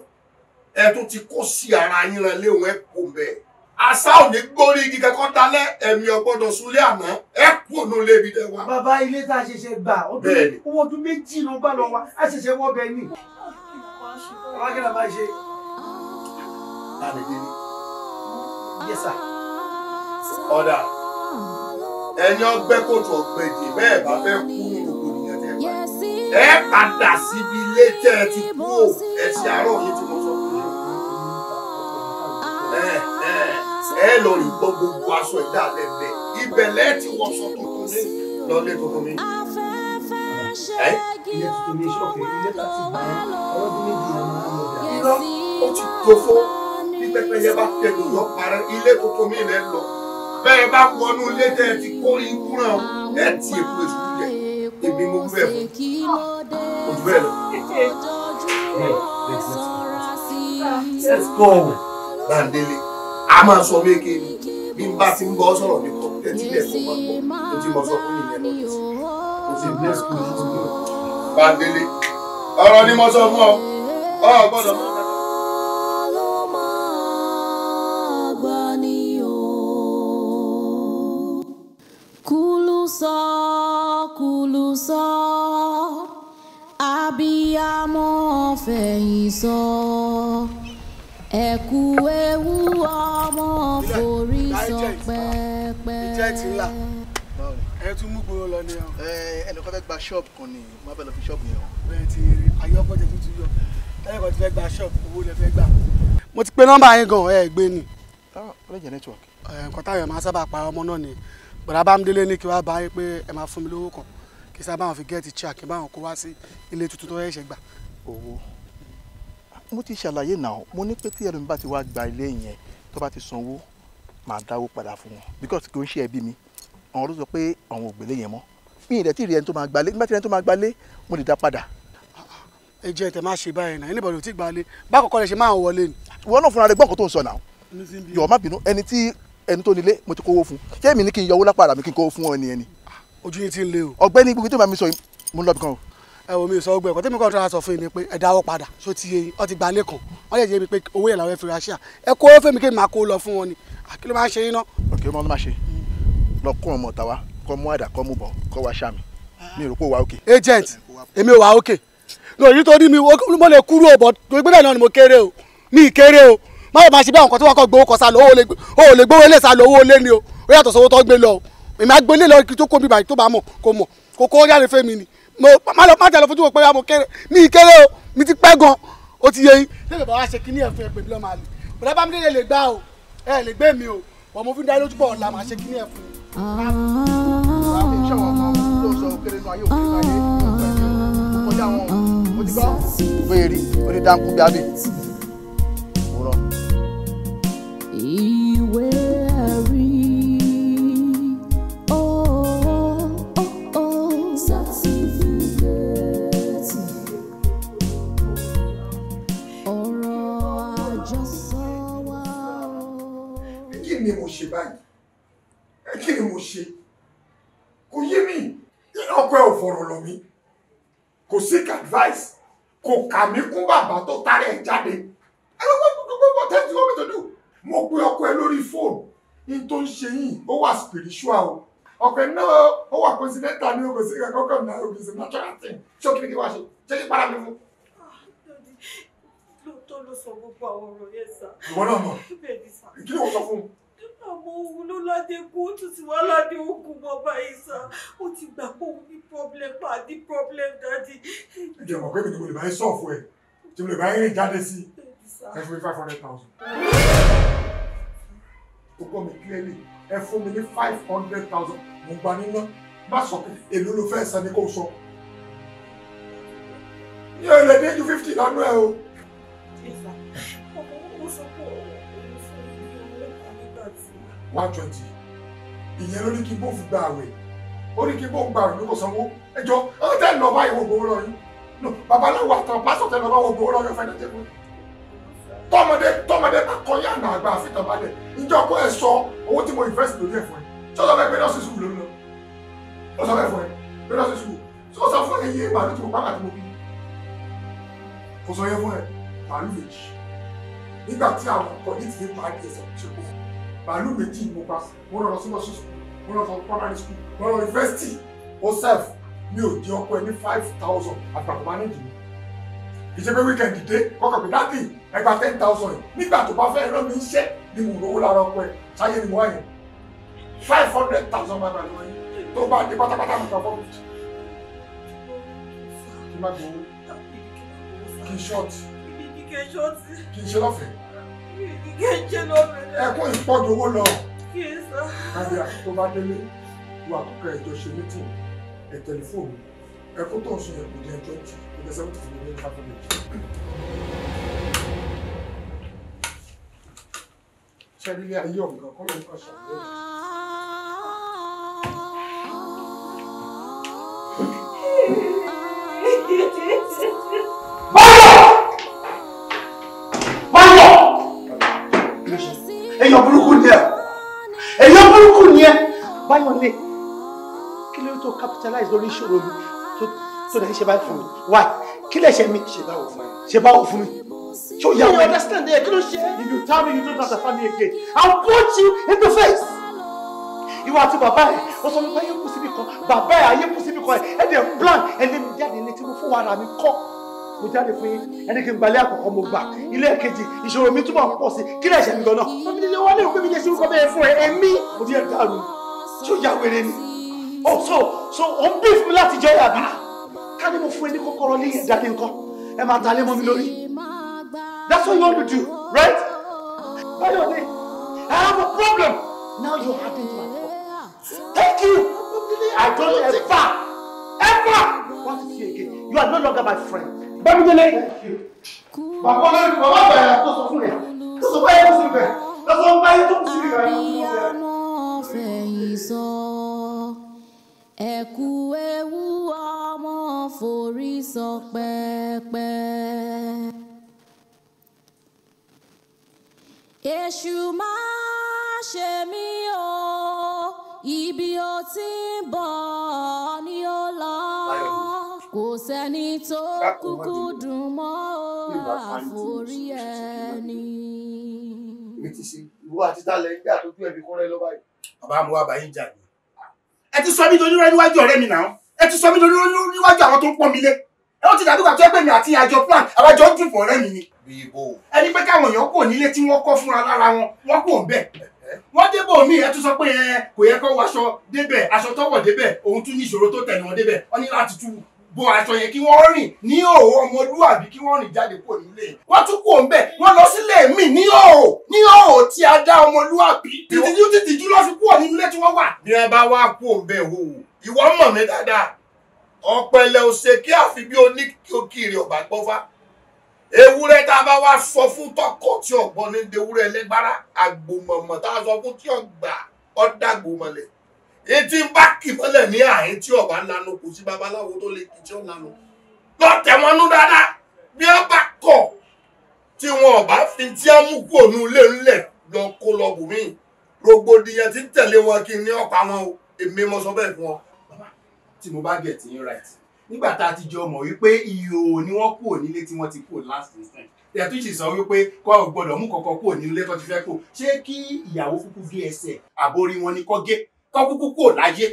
ẹ tún ti kó sí ara yín rẹ léwọn ẹ kùn bẹ̀ àṣà ò ní gbórí igi kẹ́kọ́ dalẹ̀ ẹ̀mí ọgbọ́dọ̀ súnlé àná ẹ kú ònú ilé ibi tẹ́ wa. bàbá ilé tá a ṣẹ̀ṣẹ̀ gbà owó ọdún méjì ló bá lọ wa a ṣẹ̀ṣẹ̀ wọ́ bẹ́ẹ̀ ni. bàbá kí ló máa ṣe. lálẹ́ ní yẹ́sà. ọ̀dà ẹni ọgbẹ́ kò tó ọgbẹ́ jì bẹ́ẹ̀ bá fẹ́ kú ẹ padà síbi ilé tẹ́ ẹ ti kú ò ẹ ṣe àárọ̀ yìí tí mo sọ fún yín ẹ ẹ ẹ lọ rí gbọ́ gbogbo aṣọ ẹ̀dá lẹ́gbẹ̀ẹ́ ibẹ̀ lẹ́ẹ̀ tí wọ́n sọ tuntun ní lọ́lé tuntun mi. ẹ ilé tuntun mi ṣọ̀kẹ́ ilé láti gbà ẹ́ ọlọ́dún méjì ẹ̀ máa ń lọ bí i. irọ́ ó ti dòfo bí pẹ́pẹ́yẹ bá tẹnu yọ parẹ́ ilé tuntun mi lẹ́ lọ bẹ́ẹ̀ bá wọnú ilé tẹ́ ẹ ti kó ikú náà ẹ ti èkó èṣù jẹ èmi mo gbé ẹ̀fọ́ kò jù lọ. let's go Bándélé a máa sọ méke ni bí n bá ti ń bọ́ sọ̀rọ̀ ní kọ́ tẹ́tí lẹ̀ fún wa kọ́ o ti sọ fún ìyẹn lọ o ti bless me to go. Bándélé ọ̀rọ̀ ni mo sọ fún ọ ọ gbọ́dọ̀ mọ́. song sọ abiyamọ fẹ̀yìn sọ ẹ̀kú ewu ọmọ forí sọ pẹ́pẹ́. ẹ tún mú gbòòrò lọ ni ọ. ẹnìkan fẹ́ gba ṣọ́ọ̀bù kan ni mo bá lọ fi ṣọ́ọ̀bù yẹn o. bẹ́ẹ̀ ti ayọ́kọ́jẹ tuntun yọ ẹnìkan ti fẹ́ gba ṣọ́ọ̀bù owó lẹ fẹ́ gbà. mo ti pe nọ́mbà yẹn gan ẹ gbé ni. ọ̀rẹ́ jẹ́ nẹ́tíwọ̀kì. nǹkan táwọn èèyàn máa sábà pa ọmọ náà ni bọ̀dá bá délé ní kí wàá bá yín pé ẹ máa fún mi lówó kan kí sábà wọn fi gẹ́ẹ̀tì chair kí báwọn kó wá sí ilé tuntun tó ṣẹ̀ṣẹ̀ gbà. owó mo ti ṣàlàyé náà mo ní pé tí ẹlòmíín bá ti wá gba ilé yẹn tó bá ti sanwó màá dáwó padà fún wọn because kò ń ṣe ẹbí mi àwọn ló pé àwọn ò gbélé yẹn mọ́ mi ì dẹ̀tí rí ẹni tó máa gbalé nígbà tí ẹni tó máa gbalé mo lè dá padà. ẹ jẹ́ tẹ máa ṣe báyìí náà anybody ò tí gbalé bákọ̀ọ́kọ́ lè ṣe máa wọlé ni. ìwọ náà fúnra rẹ gbọ́ǹkan tó ń sọ náà yọ̀ọ́ má bínú ẹni tí ẹni tó nílé mo ti kówó fún ṣé èmi ní kí n yọ owó lápá ara mi kí n kówó fún ọ ni ẹni ojú yín ti ń le o. ọ̀gbẹ́ni gbogbo tí màmí sọ mo ń lọ bìkan o. ẹ wò mí sọ ọgbẹ ẹ̀kọ́ tẹ́mi kan tó ra sọ fún yín ni pé ẹ padà só ti yẹn ọ ti gba lẹ́kàn wọ́n lè jẹ́ mi pé owó yẹn làwọn ẹ fi ra ṣíà ẹ kó fẹ́mi kí n máa kó lọ fún wọn ni àkí ló máa ń ṣe yín náà. ọ̀kẹ́ ọmọ ló máa ṣe lọ kún ọmọ tàwa kọ́ mú àdá kọ́ mú bọ̀ kọ́ wá ṣá mi mi rò pé ó wà òkè. agent èmi ò wà òkè lórí torí mi mo lè kúrò bọ̀ torí pé bẹ́ẹ̀ náà ni mo kéré o mi kéré o má yẹ máa ṣe bí o ó yàtọ̀ o èmi àgbélé lọ kí tó kó mi báyìí tó bá mọ̀ kó mọ̀ kó kó yára fẹ́ mi ni mo má lọ má tẹ̀lé fojú wo pé mo kéré mi kéré o mi ti pẹ́ gan o ti yẹ yín. tẹ́lẹ̀ bá wa ṣe kíní ẹ̀fọ́ ẹgbẹ́ mi lọ́ máa lè bọ̀dá bá mi lè lè gbá o ẹ lè gbé mi o bọ̀ mo fi ń dá lójú bọ̀ ọ̀la máa ṣe kíní ẹ̀fọ́ fèrè onídàkúnbíàbí. ìwé. ni mo ṣe báyìí ẹ kí ni mo ṣe kò yé mi ọkọ ẹ ò fọ̀rọ̀ lọ mi kò seek advice kò kà mí kún bàbá tó tara ẹ jáde ẹ lọ́wọ́ gbogbo gbogbo tẹ́tí wọ́n mi tó dùn mo pe ọkọ ẹ lórí fóònù ní tó ń ṣe yìí ó wà spiritual o ọkọ ẹ náà ó wà coincidental ní òkè sí kankan náà òkè sí natural thing ṣé o kí ni kí wá ṣe ṣé kí para mi fún ah, lóòótọ́ ló sọ gbogbo àwọn ọ̀rọ̀ yẹn sá. ìwọ náà mọ̀ kí ni wọ́n sọ fún un àmọ́ òun ló ládé kú ó tún ti wá ládé òkú mọ́ báyìí sá ó ti gbà pé òun ní problem pa ní problem dáàdi. ẹ jẹ́ mọ̀ pé mi ni lè bá yín sọ̀fù ẹ̀ tí mo lè bá yín rìn jáde sí i ẹ fún mi five hundred thousand. o gbọ́ mi clearly ẹ fún mi ní five hundred thousand mo gba níná má sọ pé èló ló fẹ́ san ni sọ. yóò lè dé ju fifty lọ́nà o. one twenty ìyẹn ló ní kí n bó fi gba àwẹ̀ ó ní kí n bó gba àwẹ̀ ló kò sanwó ẹjọ́ ọ̀hún tẹ́ lọ báyìí wo gbowó lọ́yún no babaláwo àtàwọn pásítọ̀ tẹ́ lọ bá wo gbowó lọ́yún fẹ́ẹ́ tẹ́ fún tọmọdé tọmọdé bá kọyà àná àgbà àfitàn balẹ̀ ìjọ kó ẹ sọ owó tí mo invest lórí ẹ̀ fún ẹ sọ́sọ́ bẹ́ẹ̀ pẹ́ẹ́nà sísú lórí lọ ó sọ bẹ́ẹ̀ fún ẹ pẹ́ẹ́nà sísú sọ́sọ́ fún ẹ yé màálù tí mo pàmà tí mo bí kò sọ yẹ fún ẹ màálù méjì nígbà tí àwọn ọkọ̀ ní ti ní pàdé ẹ̀sẹ̀ kò ṣe kó fún bàálù méjì mo pa mo rọrọ sí lọsí mo rọrọ sí primary school mo rọrọ yunifásitì ó sẹ́f mi ò di ọkọ ẹ ní five thousand àgbàkùn mánéjì mi ìṣe pé wíkẹ̀ndì dé kọ́kọ́ pé dáàbì ẹgbàá ten thousand nígbà tó bá fẹ́ rán mi iṣẹ́ ni mo lówó lára ọkọ ẹ sáyé ni mo wáyé five hundred thousand máa bàlẹ̀ wọ́n yìí tó bá dé pátápátá mi pàfọ́ mi. kí n má gbowó kí n ṣọ́ọ̀tì kí n ṣe lọ́fẹ̀ẹ́ ẹkún ìpọ́dowó lọ káyà tó bá délé wà kọ́kọ́ ẹjọ́ ṣe mítìn ẹ̀ tẹlifóònù ẹkún tó ń sun ẹ̀kú ní ẹjọ́ jù ẹgbẹ́ sẹ́wọ́n ti ní ká fún mi. ṣẹ́rílẹ̀ ayé ọ̀gá kọ́ ló ń kọ́ ṣàlẹ́ èèyàn burúkú ni ẹ èèyàn burúkú ni ẹ báyọ̀lé kí ló tó capitalize lórí ìṣòro mi tó dẹ̀ ṣe báyìí fún mi why kí lè ṣe mi ṣe báwo fún fún mi ṣé o yà you understand ẹ kí ló ṣe. if you tell me you don't have the family again I'll punch you in the face. You àti to rẹ o sọ wípé ayé kù síbi kan bàbá rẹ ayé kù síbi kan ẹ ẹ dẹ̀ plan ẹ lé mi jáde létí mo mo jáde fún yín ẹni kí n gbalẹ̀ àkọ́kọ́ mo gbà ilé kejì ìṣòro mi túbọ̀ pọ̀ sí kí lè ṣe mi náà. àbí nílé wọn lè mi lè ṣe orúkọ fún ẹ ẹ̀mí mo ti yẹ dànù tí ó ya wèrè ni. oh so so o ń bí fún mi láti jọ ẹ àbí ká ní mo fún ẹ ní kọ́kọ́rọ́ ní ẹ̀dá ní nǹkan ẹ máa dalẹ̀ mọ́ mi lórí. that's what you want to do right? Bayode I have a problem now you have to my problem thank you I don't ever ever want to see you again you are no longer my friend. Bámidélé bàbá ọlọ́run bàbá àgbàyà tó sọ fún rẹ̀ tó sọ báyé tó sì rẹ̀ tó sọ báyé tó sì rẹ̀ tó sì rẹ̀. Ẹ̀kú ewu ọmọ forí sọ pẹ́pẹ́. Èṣù máa ṣe mí o, ibi ó ti ń bọ̀ ni ó lọ kò sẹ́ni tó kúkú dùn mọ́ àforí ẹni. bàbá mi wá báyìí jà ní. ẹ ti sọ mí dojú níwájú ọ̀rẹ́ mi náà ẹ ti sọ mí dojú níwájú àwọn tó ń pọ́n mi lé ẹ ó ti dàbí pàtó ẹgbẹ́ mi àti àjọ plan àwájọ ń dùnfọ̀ ọ̀rẹ́ mi ni. ẹni pé káwọn èèyàn kò nílé tí wọ́n kọ́ fúnra lára wọn wọ́n kò ń bẹ̀ wọ́n débò mí ẹ tún sọ pé kò yẹ kó wọṣọ débẹ̀ aṣọ tọwọ̀ débẹ̀ òun tún ní ìṣòro tó tẹ̀lé wọn débẹ̀ wọ́n ní láti túwù bo aṣọ yẹn kí wọ́n rìn ní òhò ọmọlúwàbí kí wọ́n rìn jáde kúrò nílé wọ́n tún kúrò ńbẹ̀ wọ́n lọ sílé mi ní òhò ní òhò tí a dá ọmọlúwàbí tìtìjú tìtìjú lọ fi kúrò nínú ilé tí wọ́n wà. bí wọn bá wá kú òǹbẹ wò ó ìwọ mọ̀ mí dáadáa ọ̀pẹ̀lẹ̀ òṣè kí àfi bí oníkókìrì ọ̀bà gbọ́fà ewúrẹ́ tá a bá wá sọ fún tọkọ tí ọ̀gbọ́n ní ewúrẹ́ lẹ́gbára àgbòmọ̀mọ̀ tá a sọ fún tí ọ̀gbà ọ̀dàgbòmọ̀lẹ̀ etí ń bá kì mọ́lẹ̀ ní àyín tí ọ̀bá ń lanu kò sí babaláwo tó lè kì tí ó lanu lọ́tẹ̀ wọn nú dáadáa bí wọ́n bá kọ̀ tí wọn ọ̀bá fi tí wọ́n mú kúrò ní ilé ńlẹ̀ lọ kó lọ bùnmí rògbòdìyàn ti ń tẹ̀lé wọn kí n ní ọ̀pá wọn o èmi mo sọ bẹ́ẹ̀ fún ọ. bàbá tí mo bá gẹ̀ tí yín right nígbà tá a ti jọ mọ̀ wípé ìhò ni wọ́n kúrò nílé tí wọ́n ti kúrò last instant tẹ̀túnṣì sọ wípé kọ́ ò gbọ́dọ̀ mú kọ̀ọ̀kan kúrò nílé tó ti fẹ́ kù ṣé kí ìyàwó kúkú gé ẹsẹ̀ àbórí wọn ni kọ́ gé kọ́ kúkú kò láyé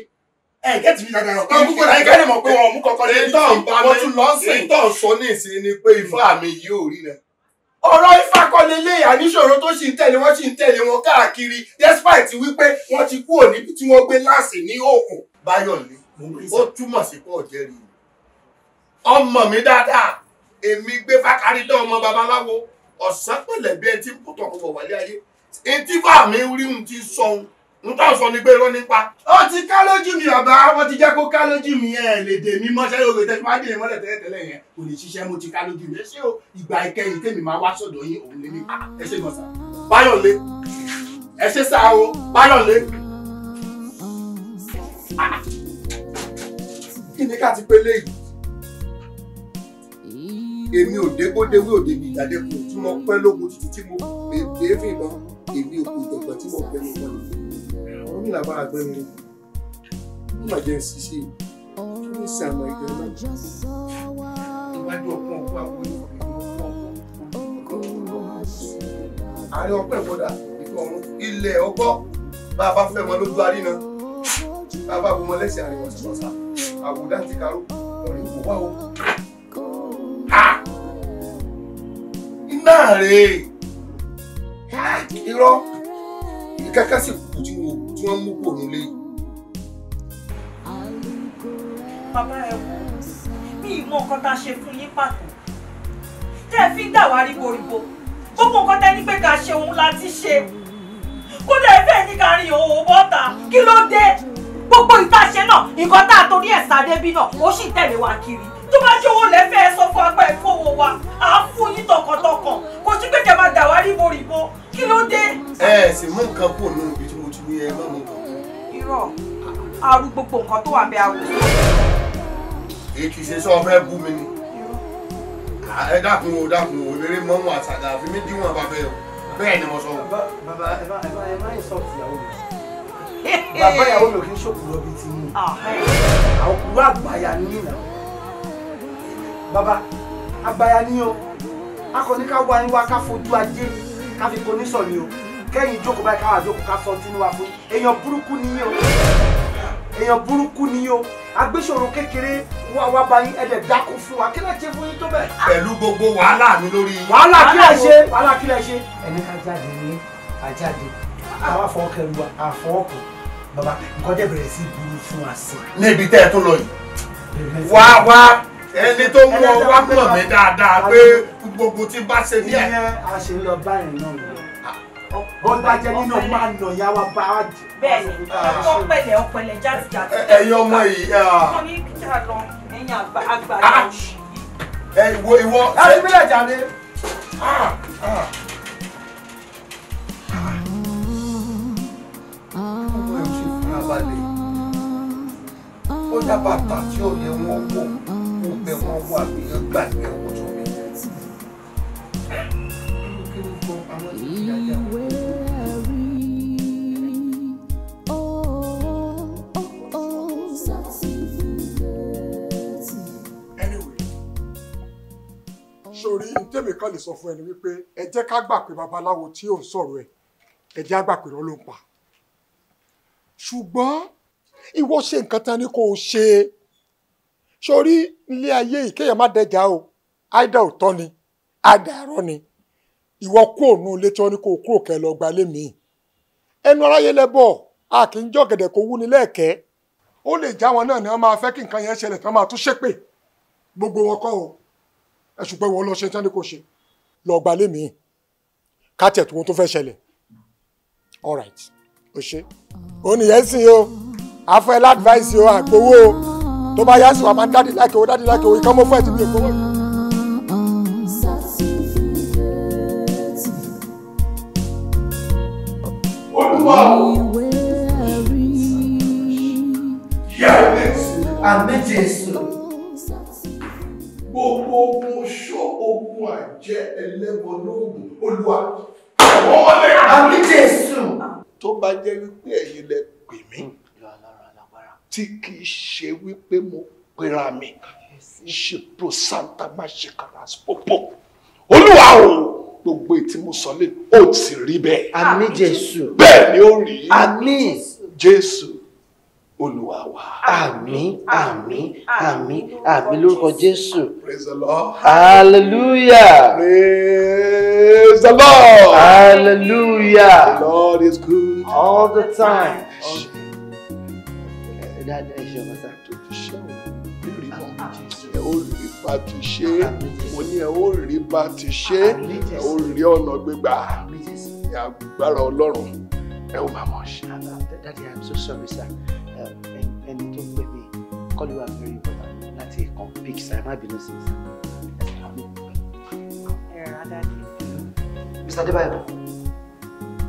ẹ gẹ́tì mi dáadáa kọ́ kúkú láyé kẹ́lẹ́ mọ̀ pé wọn mú kọ́kọ́ lé ní tọ́ọ̀ bá mi tún lọ sí ní tọ́ọ̀ sọ ní ìsìn ni pé hmm. ifá mi yìí ò rí rẹ. ọ̀rọ̀ ifá kọ́ lélẹ̀ àníṣòro tó sì ń tẹ̀lé wọ́n sì ń tẹ̀lé wọn káàkiri despite wípé wọ́n ti kú òní tí wọ́n gbé láàsì ní òkun. báyọ̀ ni ó túmọ̀ sí pọ̀ jẹ́rì ọmọ mi dáadáa èmi gbé fákàrídọ́ ọmọ babaláwo ọ̀sán pẹ̀lẹ́ bí ẹ ti ń pòtọ̀ kọ̀ wálé ayé etí bá mi rí ohun ti sọ ohun n tó sọ ni pé irọ́ nípa. ó ti ká lójú mi bàbá wọn ti jẹ́ kó ká lójú mi ẹ̀ lè dè mí mọ́ṣẹ́ yóò tẹ́tí má dìrín mọ́lẹ̀ tẹ́lẹ̀tẹ́lẹ̀ yẹn kò lè ṣiṣẹ́ mo ti ká lójú mi. ṣé o ìgbà ìkẹyìn tèmi máa wá sọ̀dọ̀ yín òun lè ní pa ẹ ṣe gbọ̀nsà. báyọ̀lé ẹ ṣe sáà o báyọ̀lé. Ah, ah. kí ni ká ti pé léyìí èmi ò dégbódéwé òde bíi ìdádẹ́kùn tí mo pẹ́ lógun tuntun tí mo pè é fìbọn èmi ò kò jọ̀gbọ́n tí mo pẹ́ lógun kí làbá àgbẹ̀ mi ó mà kí ní sí àmọ́ ìgbẹ́ náà. ìwádìí ọ̀pọ̀ ọ̀pọ̀ àwọn àárín ọpẹ́ ìbọ̀dà ìkọ̀ ọ̀run ilẹ̀ ọgbọ́ bá a bá fẹ́ mọ lójú àríná bá a bá bu mọ lẹ́sìn àríwá ṣọṣà àwòdá ti karó ọ̀rẹ́ ìbò wá o. iná rèé irọ́ ìkẹ́kẹ́ sì kù tí mo tí wọ́n mú kúrò nílé. bàbá ẹ wò mí ìmọ̀ nǹkan tá a ṣe fún yín pàtó tẹ́ ẹ fi ń dà ríboríbo gbogbo nǹkan tẹ́ ní pé ká ṣe òun la ti ṣe kódà ẹ fẹ́ẹ́ ní ká rin òun bọ́ta kí ló dé gbogbo ìtàṣe náà nǹkan tá a torí ẹ̀ sáré bí náà ó sì tẹ̀lé wa kiri tó bá ṣòwò lẹ́fẹ̀ẹ́ sọ fún agbá ìfowó wa à á fún yín tọkàntọkàn kò sí pé jẹ́ máa dà wá ríboríbo kí ló dé. ẹ ẹ sì mú nǹkan kù nù bí ẹ mọ́ mi. irọ́ arú gbogbo nǹkan tó wà bẹ́ẹ̀ awò. èkì ṣe sọ fẹ́ bú mi ni ẹ dákun o dákun o eré mọ́ wọn àtàgà àfi mí díwọ̀n bàbá ẹ o bẹ́ẹ̀ ni mo sọ. bàbá ẹ bá ẹ má ń sọ tìyàwó mi bàbá ìyàwó mi ò kí ń ṣòkú lọ́bí tí mú àwọn òkúrú àgbàyà ní ìlà bàbá àgbàyà ní o akọni ká wá yín wá ká fojú ajé ká fi kò ní sọ ni o kẹ́yìn jókòó báyìí káwá jókòó ká sọ tinú wa fún èèyàn burúkú nìyí o èèyàn burúkú nìyí o agbésòro kékeré wá wá bá ẹ̀dẹ̀ dákú fún wa kí lè ṣe fún yín tó bẹ̀. Ah! pẹ̀lú gbogbo wàhálà mi lórí. wàhálà kí lè ṣe wàhálà kí lè ṣe. ẹni ká jáde ní àjáde ah! àwa fọwọ́kẹ́lu wa àfọwọ́kù bàbá nǹkan tẹ bẹ̀rẹ̀ sí burú fún wa sí. níbi tẹ́ ẹ tún lọ yìí wá wá ẹni tó mú ọ wá mọ̀ mí dáadáa pé gbogbo tí bá ṣe ní ẹ̀. ìyẹn a ṣe ń lọ báyìí náà bọ́dá jẹ́ nínú máa nà ya wa bá a jù. bẹ́ẹ̀ni ọkọ pẹ̀lẹ́ ọpẹlẹ játijàti. ẹ̀yin ọmọ yìí. Ah. ọmọ mi kí a lọ ẹ̀yin àgbà yẹn. Ah. ẹ ìwọ ìwọ. láti bílẹ̀ jáde. Ah, ọmọ ẹ̀ ṣe fúnra balẹ̀ ó dábàá tàbí ọ̀yẹ́ wọn wọ̀ ó bẹ wọn wà ní ẹgbàá ìgbẹ́ ọkọ̀ tó mi ìwé ẹ̀rí. sórí tèmi kan lè sọ fún ẹni wípé ẹ jẹ́ ká gbà pé babaláwo tí ò ń sọ̀rọ̀ ẹ̀ ẹ jẹ́ á gbà pé irọ́ ló ń pa ṣùgbọ́n ìwọ ṣe nǹkan tán ni kò ṣe sórí ilé ayé ìkéyàn má dẹjà o àìdá òótọ́ ni àdàrọ́ ni ìwọ kú òun ilé tí wọ́n ní kó kúrò kẹ́ lọ gbalé mi ẹnu aráyé lẹ́bọ̀ a kì í jọ gẹ̀dẹ̀ kó wú ni lẹ́ẹ̀kẹ́ ó lè já wọn náà ni wọ́n máa fẹ́ kí nǹkan yẹn ṣẹlẹ̀ tí wọ́n máa tún ṣépè gbogbo wọn kọ́ o ẹ ṣùgbọ́n ìwọ lọ ṣe tí wọ́n ní kó ṣe lọ gbalé mi káàtì ẹ̀tùwọ́n tó fẹ́ ṣẹlẹ̀ all right o ṣe òun nìyẹn sìn o àfọ ẹ láàdíváìsì o àgbowó o tó bá yá sí wa máa ń dáàdì láìkè owó dáàdì láìkè owó ìkànnì mọ́ fún ẹ̀ tí mi ò gbowó. Olúwa o. Àmì Jésù. Gbogbo ogun ṣọ́ ogun àjẹ́ ẹlẹ́bọ lóògùn Olúwa. Àmì Jésù. Tó bá jẹ́ wípé ẹ̀yin lẹ pè mí hmm. tí kì í ṣe wípé mo pera mi ṣe pro santa má ṣe kàrà pọ̀pọ̀ Olúwa o. gbogbo ètí mo sọ lé ó ti rí bẹ́ẹ̀. àmín jésù. bẹ́ẹ̀ ni ó rí. àmín jésù olúwa wa. àmín àmín àmín àmín lórúkọ jésù. praise the lord. hallelujah. praise the lord. hallelujah. the lord is good. all the time. All the time. bá ti ṣe é mo ní ẹ ó rí bá ti ṣe é ẹ ó rí ọ̀nà gbígbà ní agbára ọlọ́run ẹ ó máa mọ̀ ṣe. Daddy, I'm so sorry sir ẹni tó pè mí call you are very important láti ẹ̀kan pick sir má bínú sí sir. Mr. Adebayo,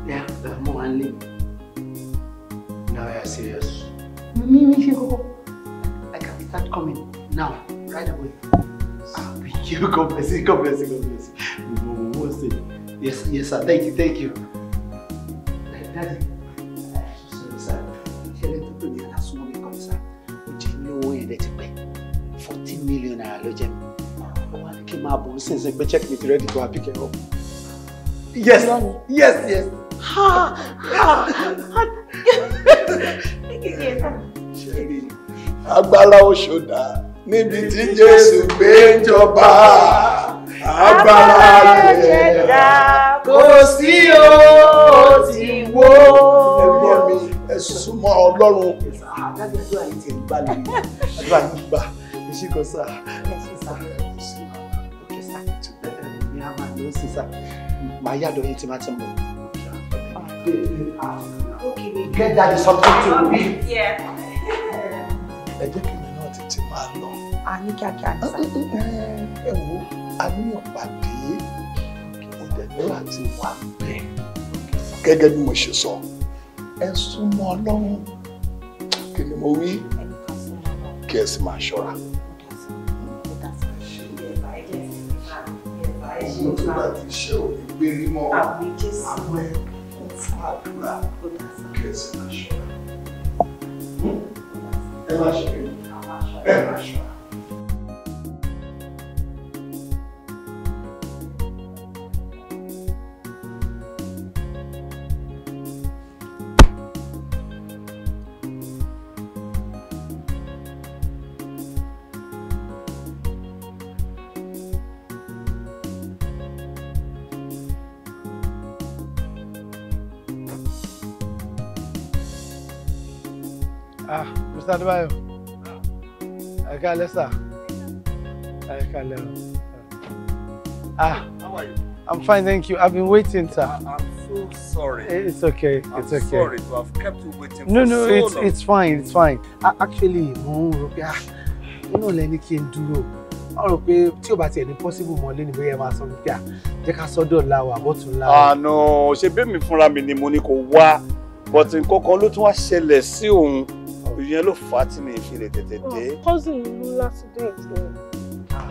yeah, mo wà ń lé Now I are serious. Mi mi ṣe kókó. I can start coming. Now, right away. Ah, thank you. God bless you. God bless you. God bless you. Yes, yes, sir. Thank you. Thank you. Daddy. Sorry, sir. Ṣẹlẹ̀ tó pè ní alásùnmọ́ mi kan sá. Ó jẹ́ ní owó yẹn ti pẹ́. Forty million naira ló jẹ́ mi. Ó wá ní kí n máa bọ̀ sí ẹsẹ̀ pé check me to ready to happy care up. Yes, yes, yes. Ha! Ha! Ha! Ṣé ni agbára oṣù dáa? níbi tí Jésù gbé ń jọba agbára rẹ̀ dá kò sí o ti wó. ẹ̀gbọ́n mi ẹ súnmọ́ Ọlọ́run adájọ́ àyè ti gbà lè àdúrà yìí gbà ẹ ṣe kan sá. ẹ ṣe sá ẹ ṣe sá ní a máa lọ sí sá màá yàdọ̀ yìí tí máa ti mọ̀. Get daddy something to me. Yeah a ní kíákíá ní sáà. ẹ wo a ní ọ̀pàdé ọ̀dẹ̀dẹ̀ láti wà bẹ́ẹ̀ gẹ́gẹ́ bí mo ṣe sọ ẹ súnmọ́ ọlọ́run kí ni mo wí kí ẹ sì máa ṣọ́ra. ohun tó bá ti ṣe ò ní gbérí mọ́ àwọn ẹ̀kọ́ fún àdúrà kí ẹ sì máa ṣọ́ra. Hmm? ẹ máa ṣe é ẹ máa ṣọ́ra. ah mr adébáyọ̀ ẹ káalẹ́ sà ẹ káalẹ́ o ah how are you i'm fine thank you i've been waiting sir. i'm so sorry. Eh, it's okay it's okay. i'm sorry to have kept you waiting no, for no, so long. no no it's it's fine it's fine I, actually mo ń rò pé ah inú ọ̀lẹ́ ni kí n dúró wọ́n rò pé tí ò bá tiẹ̀ ní possible mọ́ lé ní bóyá ẹ máa sọ wípé à ah, jẹ́ ká sọ́dọ̀ láwọ̀ àbọ̀tún láwọ̀. àná ah, ṣe bẹ́ẹ̀ mi fúnra mi ni mo ní kó wá bọ̀tì nǹkan kan ló tún wá ṣẹlẹ̀ sí ìyẹn ló fà á tí mi fi lè tètè ah, dé. cousin mi ní accident ni. Ah,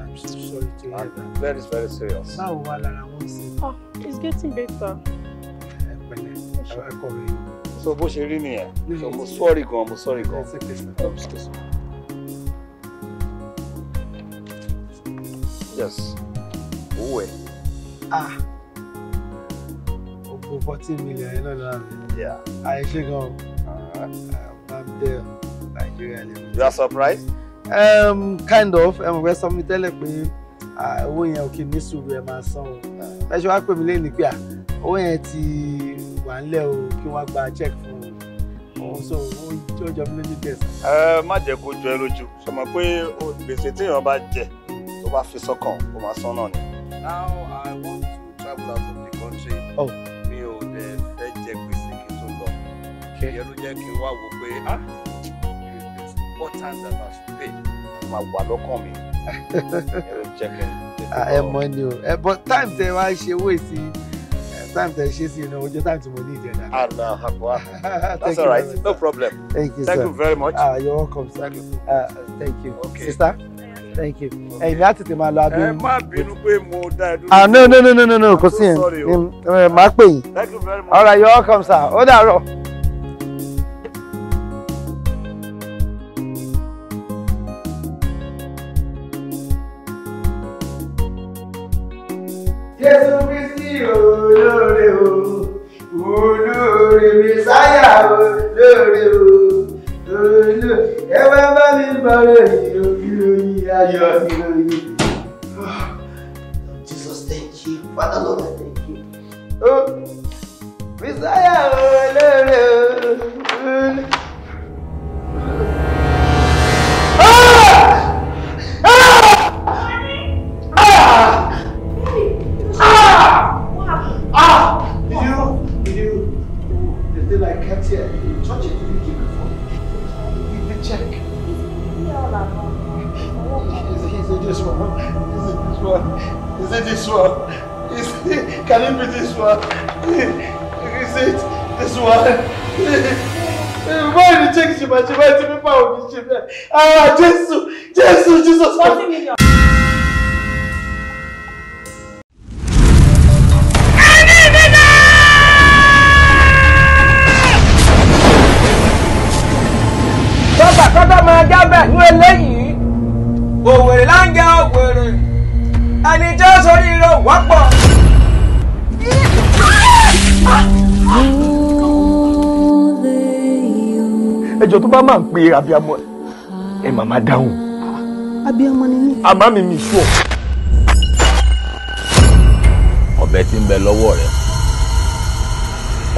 I'm so sorry to hear that. That is very serious. báwo wà lára wọn sí. ah it's getting better. ẹ pẹ̀lẹ́ ẹ kọ mi. so bó ṣe rí nìyẹn so mo sorry gan mo sorry gan. yes oh, owó ẹ. ah ogún fourteen million ẹ náà náà mi. àìṣe gan-an dẹ̀ nàìjíríà lẹ́nu. you are surprised? Um, kind of ẹ mọ̀ pé sọ mi tẹ́lẹ̀ pé owó yẹn ò kì í ní sùúrù ẹ máa san o ẹ ṣe wá pè mí lẹ́nu pé owó yẹn ti wà ńlẹ̀ o kí wọ́n gba check fún un so ó jọ mí lójú díẹ̀. ẹ má jẹ́ kó jọ ẹ lójú sọ ma pé gbèsè téèyàn bá jẹ tó bá fi sọ́kàn ó máa san náà ni. now i want to travel out of the country. Oh. ìyẹn ló jẹ́ kí n wá wò pé ah what times that I should pay máa wà lọ́kàn mi ìyẹn ló jẹ́ kí n ah, ẹ mọ ni o ẹ bọ time tẹ wá ṣe owó èsì time tẹ ṣe sí iná ojú time tí mo ní ìjẹta. àná àbọ̀ that's all right no problem thank you, thank you very much. ah you're welcome sir thank you, uh, thank you. Okay. sister thank you. ẹ̀yin láti tètè máa lọ abẹ́. ẹ má bínú pé mo dá ẹ dúró. ah no no no no no kò sí yẹn màá pè yín. thank you very much. all right you're welcome sir ó dàárọ̀. Jesus, thank you. Father, Lord, thank you. tem Messiah, oh, Lord, Lord. Is it this one? Is it, can it be this one? Is it this one? Why did you take Shiba Shiba to be part of this Shiba? Ah, Jesus! Jesus, Jesus! What ẹjọ́ tó bá máa ń pe abiyamọ ẹ màmá dáhùn. abiyamọ ni mí. àmọ́ mi mi sùọ́. ọ̀bẹ tí ń bẹ lọ́wọ́ rẹ̀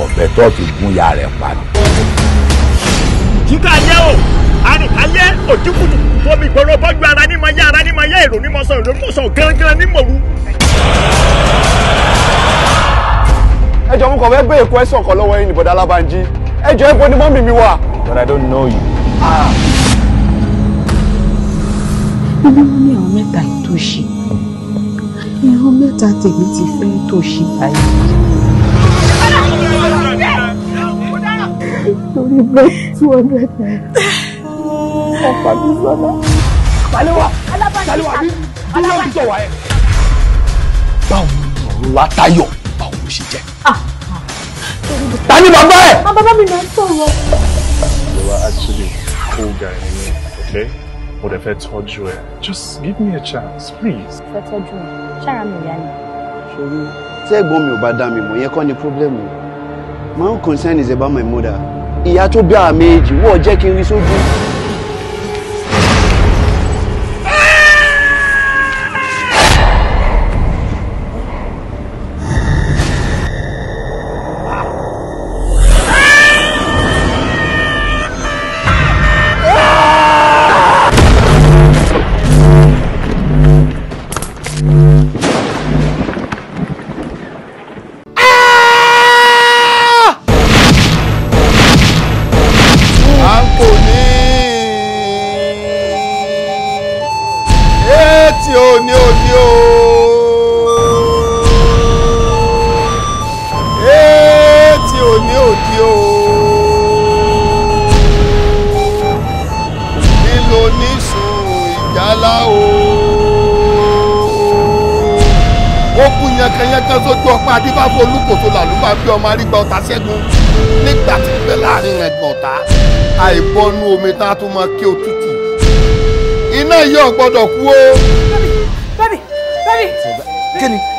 ọ̀bẹ tó fi gún ya rẹ̀ pa ni. jíkà yẹ o àríkàyé òjúkùtù fọmi gbòòrò bọ́jú ara ní mọ̀ yá ara ní mọ̀ yá èrò ní mọ̀ sọ èrò ní mọ̀ sọ gángan ní mọ̀rú. ẹ jọ mú kàn fẹ́ gbé èkó ẹ̀ sọ̀kan lọ́wọ́ yín ní bọ̀dá alábànjí ẹ jọ ẹ bọ́ ni mọ́mì mi wà but I don't know you. Ibi wọn ní àwọn mẹ́ta ìtòṣì. Ìran mẹ́ta tèmi ti fẹ́ tòṣì báyìí. Lórí bẹ́ẹ̀ two hundred naira. Ọ̀pá mi sọ́nà. Àbálẹ́wà. Àbálẹ́wà mi. Dúró ibi tó wà ẹ̀. Báwo ni ọ̀rọ̀ Látayọ̀ báwo ló ṣe jẹ́? Ah, ah. Ta ni bàbá ẹ̀? Ah, bàbá mi máa ń sọ̀rọ̀ were actually cool guy ni okay mo if I told you? just give me a chance please. fẹ́ tọ́jú mi ṣára mi ìyá ni. ṣòro tí ẹ̀gbọ́n mi ò bá dá mi mọ̀ yẹn kọ́ ni my own concern is about my mother ìyá tó to be a wọ́ọ̀ jẹ́ kí n rí sójú. mi tá a tún máa ké òtútù iná yìí ò gbọ́dọ̀ kú o. bẹ́ẹ̀ni bẹ́ẹ̀ni bẹ́ẹ̀ni. kí ni.